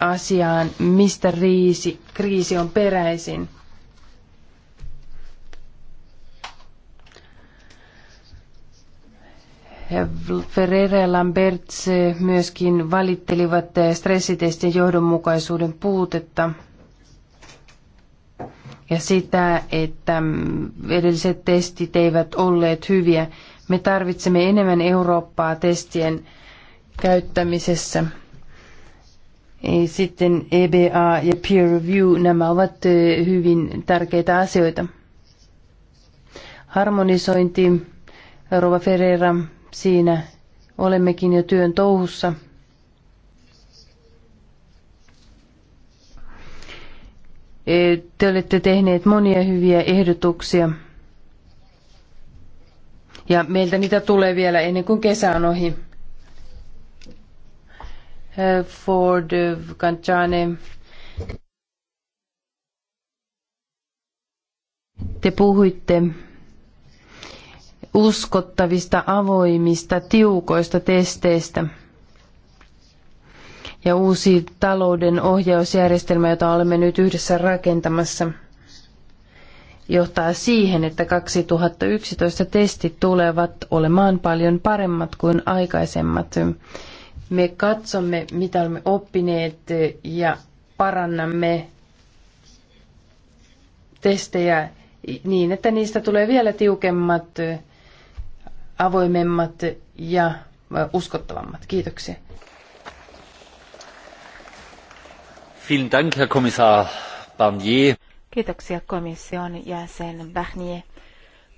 asiaan, mistä riisi, kriisi on peräisin. Ferreira ja Lamberts eh, myöskin valittelivat eh, stressitestien johdonmukaisuuden puutetta ja sitä, että mm, edelliset testit eivät olleet hyviä. Me tarvitsemme enemmän Eurooppaa testien käyttämisessä. Sitten EBA ja peer review, nämä ovat eh, hyvin tärkeitä asioita. Harmonisointi, Rova Ferreira Siinä olemmekin jo työn touhussa. E, te olette tehneet monia hyviä ehdotuksia. Ja meiltä niitä tulee vielä ennen kuin kesä on ohi. Ford, Kanchane. Te puhuitte uskottavista, avoimista, tiukoista testeistä ja uusi talouden ohjausjärjestelmä, jota olemme nyt yhdessä rakentamassa, johtaa siihen, että 2011 testit tulevat olemaan paljon paremmat kuin aikaisemmat. Me katsomme, mitä olemme oppineet ja parannamme testejä niin, että niistä tulee vielä tiukemmat avoimemmat ja uskottavammat. Kiitoksia. Vielen Dank, Herr Kommissar Barnier. Kiitoksia komission jäsen Barnier.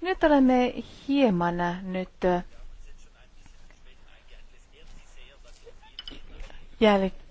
Nyt olemme hieman nyt jäl-